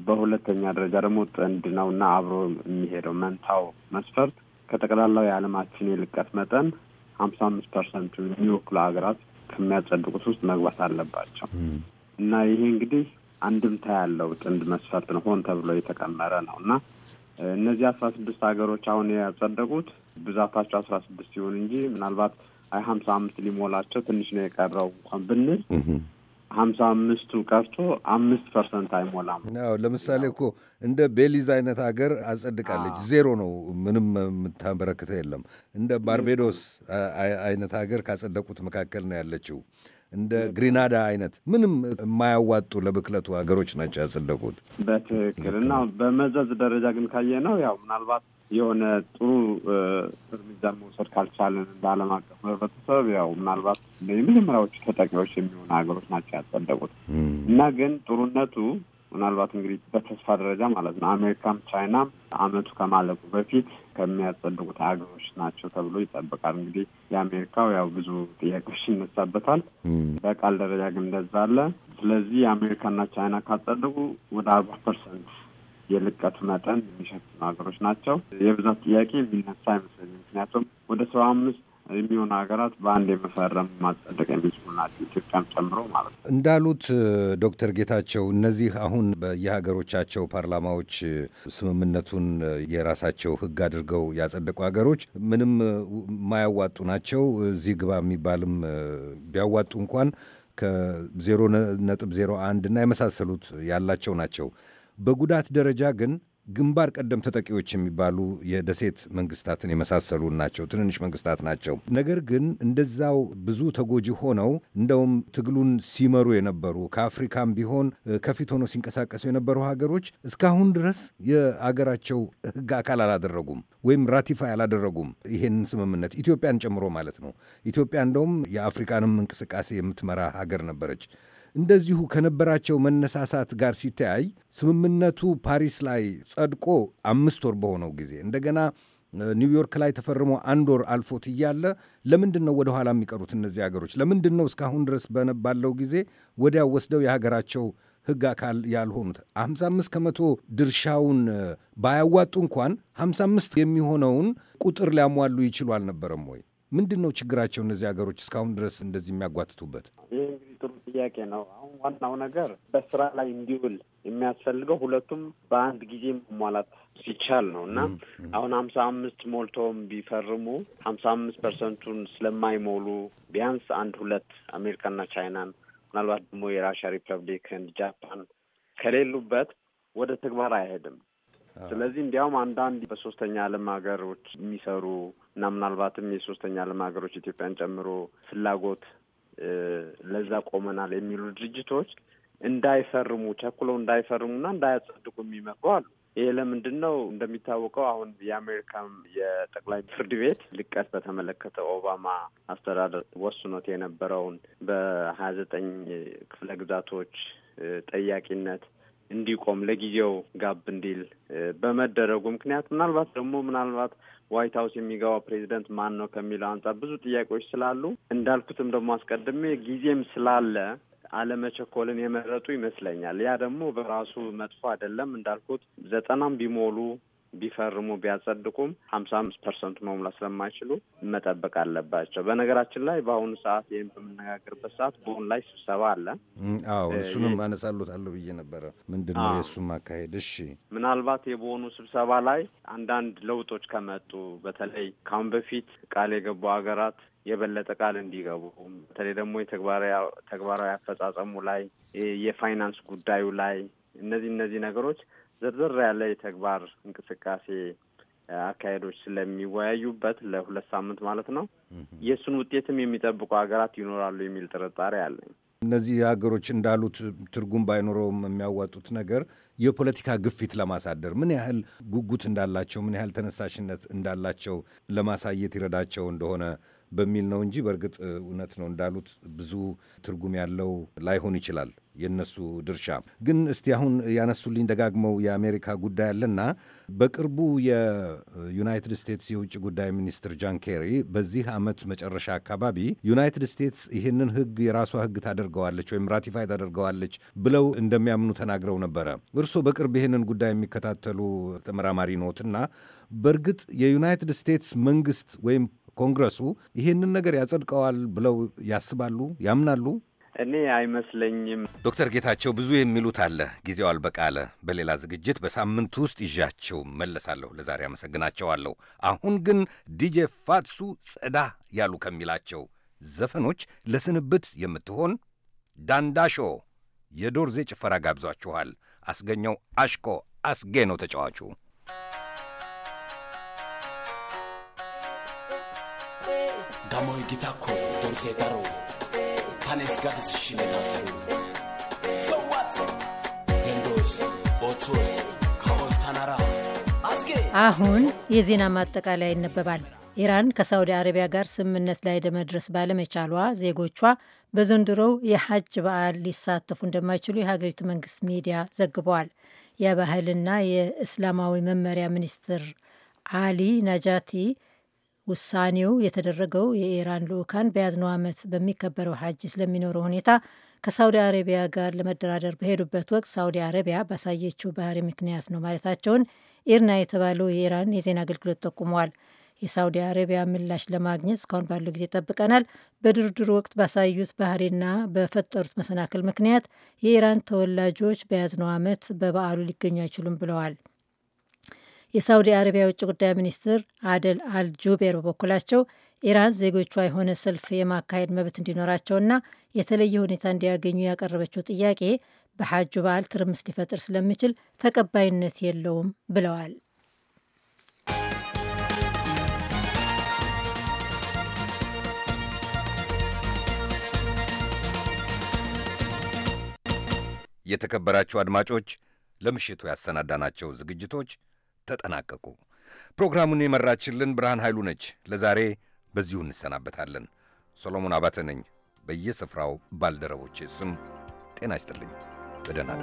በሁለተኛ ደረጃ ደግሞ ጥንድ ነው እና አብሮ የሚሄደው መንታው መስፈርት ከጠቅላላው የዓለማችን የልቀት መጠን ሀምሳ አምስት ፐርሰንቱ የሚወክሉ ሀገራት ከሚያጸድቁት ውስጥ መግባት አለባቸው እና ይሄ እንግዲህ አንድምታ ያለው ጥንድ መስፈርት ነው። ሆን ተብሎ የተቀመረ ነው እና እነዚህ አስራ ስድስት ሀገሮች አሁን ያጸደቁት ብዛታቸው አስራ ስድስት ሲሆን እንጂ ምናልባት አይ ሀምሳ አምስት ሊሞላቸው ትንሽ ነው የቀረው እንኳን ብንል ሀምሳ አምስቱ ቀርቶ አምስት ፐርሰንት አይሞላም። ለምሳሌ እኮ እንደ ቤሊዝ አይነት ሀገር አጸድቃለች። ዜሮ ነው፣ ምንም የምታበረክተው የለም። እንደ ባርቤዶስ አይነት ሀገር ካጸደቁት መካከል ነው ያለችው። እንደ ግሪናዳ አይነት ምንም የማያዋጡ ለብክለቱ ሀገሮች ናቸው ያጸደቁት። በትክክል እና በመዘዝ ደረጃ ግን ካየ ነው ያው ምናልባት የሆነ ጥሩ እርምጃ መውሰድ ካልቻለን በዓለም አቀፍ ህብረተሰብ ያው ምናልባት የመጀመሪያዎቹ ተጠቂዎች የሚሆኑ ሀገሮች ናቸው ያጸደቁት እና ግን ጥሩነቱ ምናልባት እንግዲህ በተስፋ ደረጃ ማለት ነው አሜሪካም ቻይናም አመቱ ከማለቁ በፊት ከሚያጸድቁት ሀገሮች ናቸው ተብሎ ይጠበቃል። እንግዲህ የአሜሪካው ያው ብዙ ጥያቄዎች ይነሳበታል። በቃል ደረጃ ግን እንደዛ አለ። ስለዚህ የአሜሪካና ቻይና ካጸደቁ ወደ አርባ ፐርሰንት የልቀቱ መጠን የሚሸፍኑ ሀገሮች ናቸው። የብዛት ጥያቄ የሚነሳ አይመስለኝም። ምክንያቱም ወደ ሰባ አምስት የሚሆኑ ሀገራት በአንድ የመፈረም ማጸደቅ የሚችሉ ናቸው ጨምሮ ማለት ነው። እንዳሉት ዶክተር ጌታቸው እነዚህ አሁን በየሀገሮቻቸው ፓርላማዎች ስምምነቱን የራሳቸው ሕግ አድርገው ያጸደቁ ሀገሮች ምንም የማያዋጡ ናቸው። እዚህ ግባ የሚባልም ቢያዋጡ እንኳን ከዜሮ ነጥብ ዜሮ አንድ እና የመሳሰሉት ያላቸው ናቸው። በጉዳት ደረጃ ግን ግንባር ቀደም ተጠቂዎች የሚባሉ የደሴት መንግስታትን የመሳሰሉ ናቸው። ትንንሽ መንግስታት ናቸው። ነገር ግን እንደዛው ብዙ ተጎጂ ሆነው እንደውም ትግሉን ሲመሩ የነበሩ ከአፍሪካም ቢሆን ከፊት ሆነው ሲንቀሳቀሱ የነበሩ ሀገሮች እስካሁን ድረስ የአገራቸው ሕግ አካል አላደረጉም ወይም ራቲፋይ አላደረጉም ይሄንን ስምምነት ኢትዮጵያን ጨምሮ ማለት ነው። ኢትዮጵያ እንደውም የአፍሪካንም እንቅስቃሴ የምትመራ ሀገር ነበረች። እንደዚሁ ከነበራቸው መነሳሳት ጋር ሲተያይ ስምምነቱ ፓሪስ ላይ ጸድቆ አምስት ወር በሆነው ጊዜ እንደገና ኒውዮርክ ላይ ተፈርሞ አንድ ወር አልፎት እያለ ለምንድን ነው ወደኋላ የሚቀሩት እነዚህ ሀገሮች? ለምንድን ነው እስካሁን ድረስ ባለው ጊዜ ወዲያ ወስደው የሀገራቸው ሕግ አካል ያልሆኑት 55 ከመቶ ድርሻውን ባያዋጡ እንኳን 55 የሚሆነውን ቁጥር ሊያሟሉ ይችሉ አልነበረም ወይ? ምንድን ነው ችግራቸው እነዚህ ሀገሮች እስካሁን ድረስ እንደዚህ የሚያጓትቱበት? ጥሩ ጥያቄ ነው። አሁን ዋናው ነገር በስራ ላይ እንዲውል የሚያስፈልገው ሁለቱም በአንድ ጊዜ መሟላት ሲቻል ነው እና አሁን ሀምሳ አምስት ሞልተውም ቢፈርሙ ሀምሳ አምስት ፐርሰንቱን ስለማይሞሉ ቢያንስ አንድ ሁለት አሜሪካና ቻይናን ምናልባት ደግሞ የራሽያ ሪፐብሊክ፣ ህንድ፣ ጃፓን ከሌሉበት ወደ ተግባር አይሄድም። ስለዚህ እንዲያውም አንዳንድ በሶስተኛ ዓለም ሀገሮች የሚሰሩ እና ምናልባትም የሶስተኛ ዓለም ሀገሮች ኢትዮጵያን ጨምሮ ፍላጎት ለዛ ቆመናል የሚሉ ድርጅቶች እንዳይፈርሙ ቸኩለው እንዳይፈርሙና እንዳያጸድቁ የሚመክሩ አሉ። ይህ ለምንድን ነው? እንደሚታወቀው አሁን የአሜሪካም የጠቅላይ ፍርድ ቤት ልቀት በተመለከተ ኦባማ አስተዳደር ወስኖት የነበረውን በሀያ ዘጠኝ ክፍለ ግዛቶች ጠያቂነት እንዲቆም ለጊዜው ጋብ እንዲል በመደረጉ ምክንያት ምናልባት ደግሞ ምናልባት ዋይት ሀውስ የሚገባው ፕሬዚደንት ማን ነው ከሚለው አንጻር ብዙ ጥያቄዎች ስላሉ እንዳልኩትም ደግሞ አስቀድሜ ጊዜም ስላለ አለመቸኮልን የመረጡ ይመስለኛል። ያ ደግሞ በራሱ መጥፎ አይደለም። እንዳልኩት ዘጠናም ቢሞሉ ቢፈርሙ ቢያጸድቁም ሀምሳ አምስት ፐርሰንቱ መሙላት ስለማይችሉ መጠበቅ አለባቸው። በነገራችን ላይ በአሁኑ ሰዓት ይህም በምነጋገርበት ሰዓት ቦን ላይ ስብሰባ አለ። አዎ እሱንም አነሳሉታለሁ ብዬ ነበረ። ምንድን ነው የእሱም አካሄድ? እሺ ምናልባት የቦኑ ስብሰባ ላይ አንዳንድ ለውጦች ከመጡ በተለይ ከአሁን በፊት ቃል የገቡ ሀገራት የበለጠ ቃል እንዲገቡ በተለይ ደግሞ ተግባራዊ አፈጻጸሙ ላይ የፋይናንስ ጉዳዩ ላይ እነዚህ እነዚህ ነገሮች ዝርዝር ያለ የተግባር እንቅስቃሴ አካሄዶች ስለሚወያዩበት ለሁለት ሳምንት ማለት ነው። የእሱን ውጤትም የሚጠብቁ ሀገራት ይኖራሉ የሚል ጥርጣሬ አለኝ። እነዚህ ሀገሮች እንዳሉት ትርጉም ባይኖረውም የሚያዋጡት ነገር የፖለቲካ ግፊት ለማሳደር ምን ያህል ጉጉት እንዳላቸው፣ ምን ያህል ተነሳሽነት እንዳላቸው ለማሳየት ይረዳቸው እንደሆነ በሚል ነው እንጂ በእርግጥ እውነት ነው እንዳሉት ብዙ ትርጉም ያለው ላይሆን ይችላል። የነሱ ድርሻ ግን እስቲ አሁን ያነሱልኝ ደጋግመው የአሜሪካ ጉዳይ አለና በቅርቡ የዩናይትድ ስቴትስ የውጭ ጉዳይ ሚኒስትር ጃን ኬሪ በዚህ ዓመት መጨረሻ አካባቢ ዩናይትድ ስቴትስ ይህንን ሕግ የራሷ ሕግ ታደርገዋለች ወይም ራቲፋይ ታደርገዋለች ብለው እንደሚያምኑ ተናግረው ነበረ። እርስዎ በቅርብ ይህንን ጉዳይ የሚከታተሉ ተመራማሪ ኖትና በእርግጥ የዩናይትድ ስቴትስ መንግስት ወይም ኮንግረሱ ይህንን ነገር ያጸድቀዋል ብለው ያስባሉ? ያምናሉ? እኔ አይመስለኝም። ዶክተር ጌታቸው ብዙ የሚሉት አለ፣ ጊዜው አልበቃለ። አለ። በሌላ ዝግጅት በሳምንቱ ውስጥ ይዣቸው መለሳለሁ። ለዛሬ አመሰግናቸዋለሁ። አሁን ግን ዲጄ ፋትሱ ጸዳ ያሉ ከሚላቸው ዘፈኖች ለስንብት የምትሆን ዳንዳሾ የዶርዜ ጭፈራ ጋብዟችኋል። አስገኘው አሽኮ አስጌ ነው ተጫዋቹ። ጋሞ ጊታኮ ዶርዜ ከኔስ ጋር ትስሽን የታሰሩ ሰዋት ገንዶስ ቦቶስ ካቦስ ተናራ አስጌ። አሁን የዜና ማጠቃለያ ይነበባል። ኢራን ከሳውዲ አረቢያ ጋር ስምምነት ላይ ለመድረስ ባለመቻሏ ዜጎቿ በዘንድሮው የሐጅ በዓል ሊሳተፉ እንደማይችሉ የሀገሪቱ መንግስት ሚዲያ ዘግበዋል። የባህልና የእስላማዊ መመሪያ ሚኒስትር አሊ ናጃቲ ውሳኔው የተደረገው የኢራን ልኡካን በያዝነው ዓመት በሚከበረው ሐጅ ስለሚኖረው ሁኔታ ከሳውዲ አረቢያ ጋር ለመደራደር በሄዱበት ወቅት ሳውዲ አረቢያ ባሳየችው ባህሪ ምክንያት ነው ማለታቸውን ኢርና የተባለው የኢራን የዜና አገልግሎት ጠቁመዋል። የሳውዲ አረቢያ ምላሽ ለማግኘት እስካሁን ባለው ጊዜ ጠብቀናል። በድርድሩ ወቅት ባሳዩት ባህሪና በፈጠሩት መሰናክል ምክንያት የኢራን ተወላጆች በያዝነው ዓመት በበዓሉ ሊገኙ አይችሉም ብለዋል። የሳውዲ አረቢያ የውጭ ጉዳይ ሚኒስትር አደል አልጁቤር በበኩላቸው ኢራን ዜጎቿ የሆነ ሰልፍ የማካሄድ መብት እንዲኖራቸውና የተለየ ሁኔታ እንዲያገኙ ያቀረበችው ጥያቄ በሐጁ በዓል ትርምስ ሊፈጥር ስለሚችል ተቀባይነት የለውም ብለዋል። የተከበራችሁ አድማጮች ለምሽቱ ያሰናዳናቸው ዝግጅቶች ተጠናቀቁ። ፕሮግራሙን የመራችልን ብርሃን ኃይሉ ነች። ለዛሬ በዚሁ እንሰናበታለን። ሰሎሞን አባተ ነኝ። በየስፍራው ባልደረቦቼ ስም ጤና ይስጥልኝ። በደህና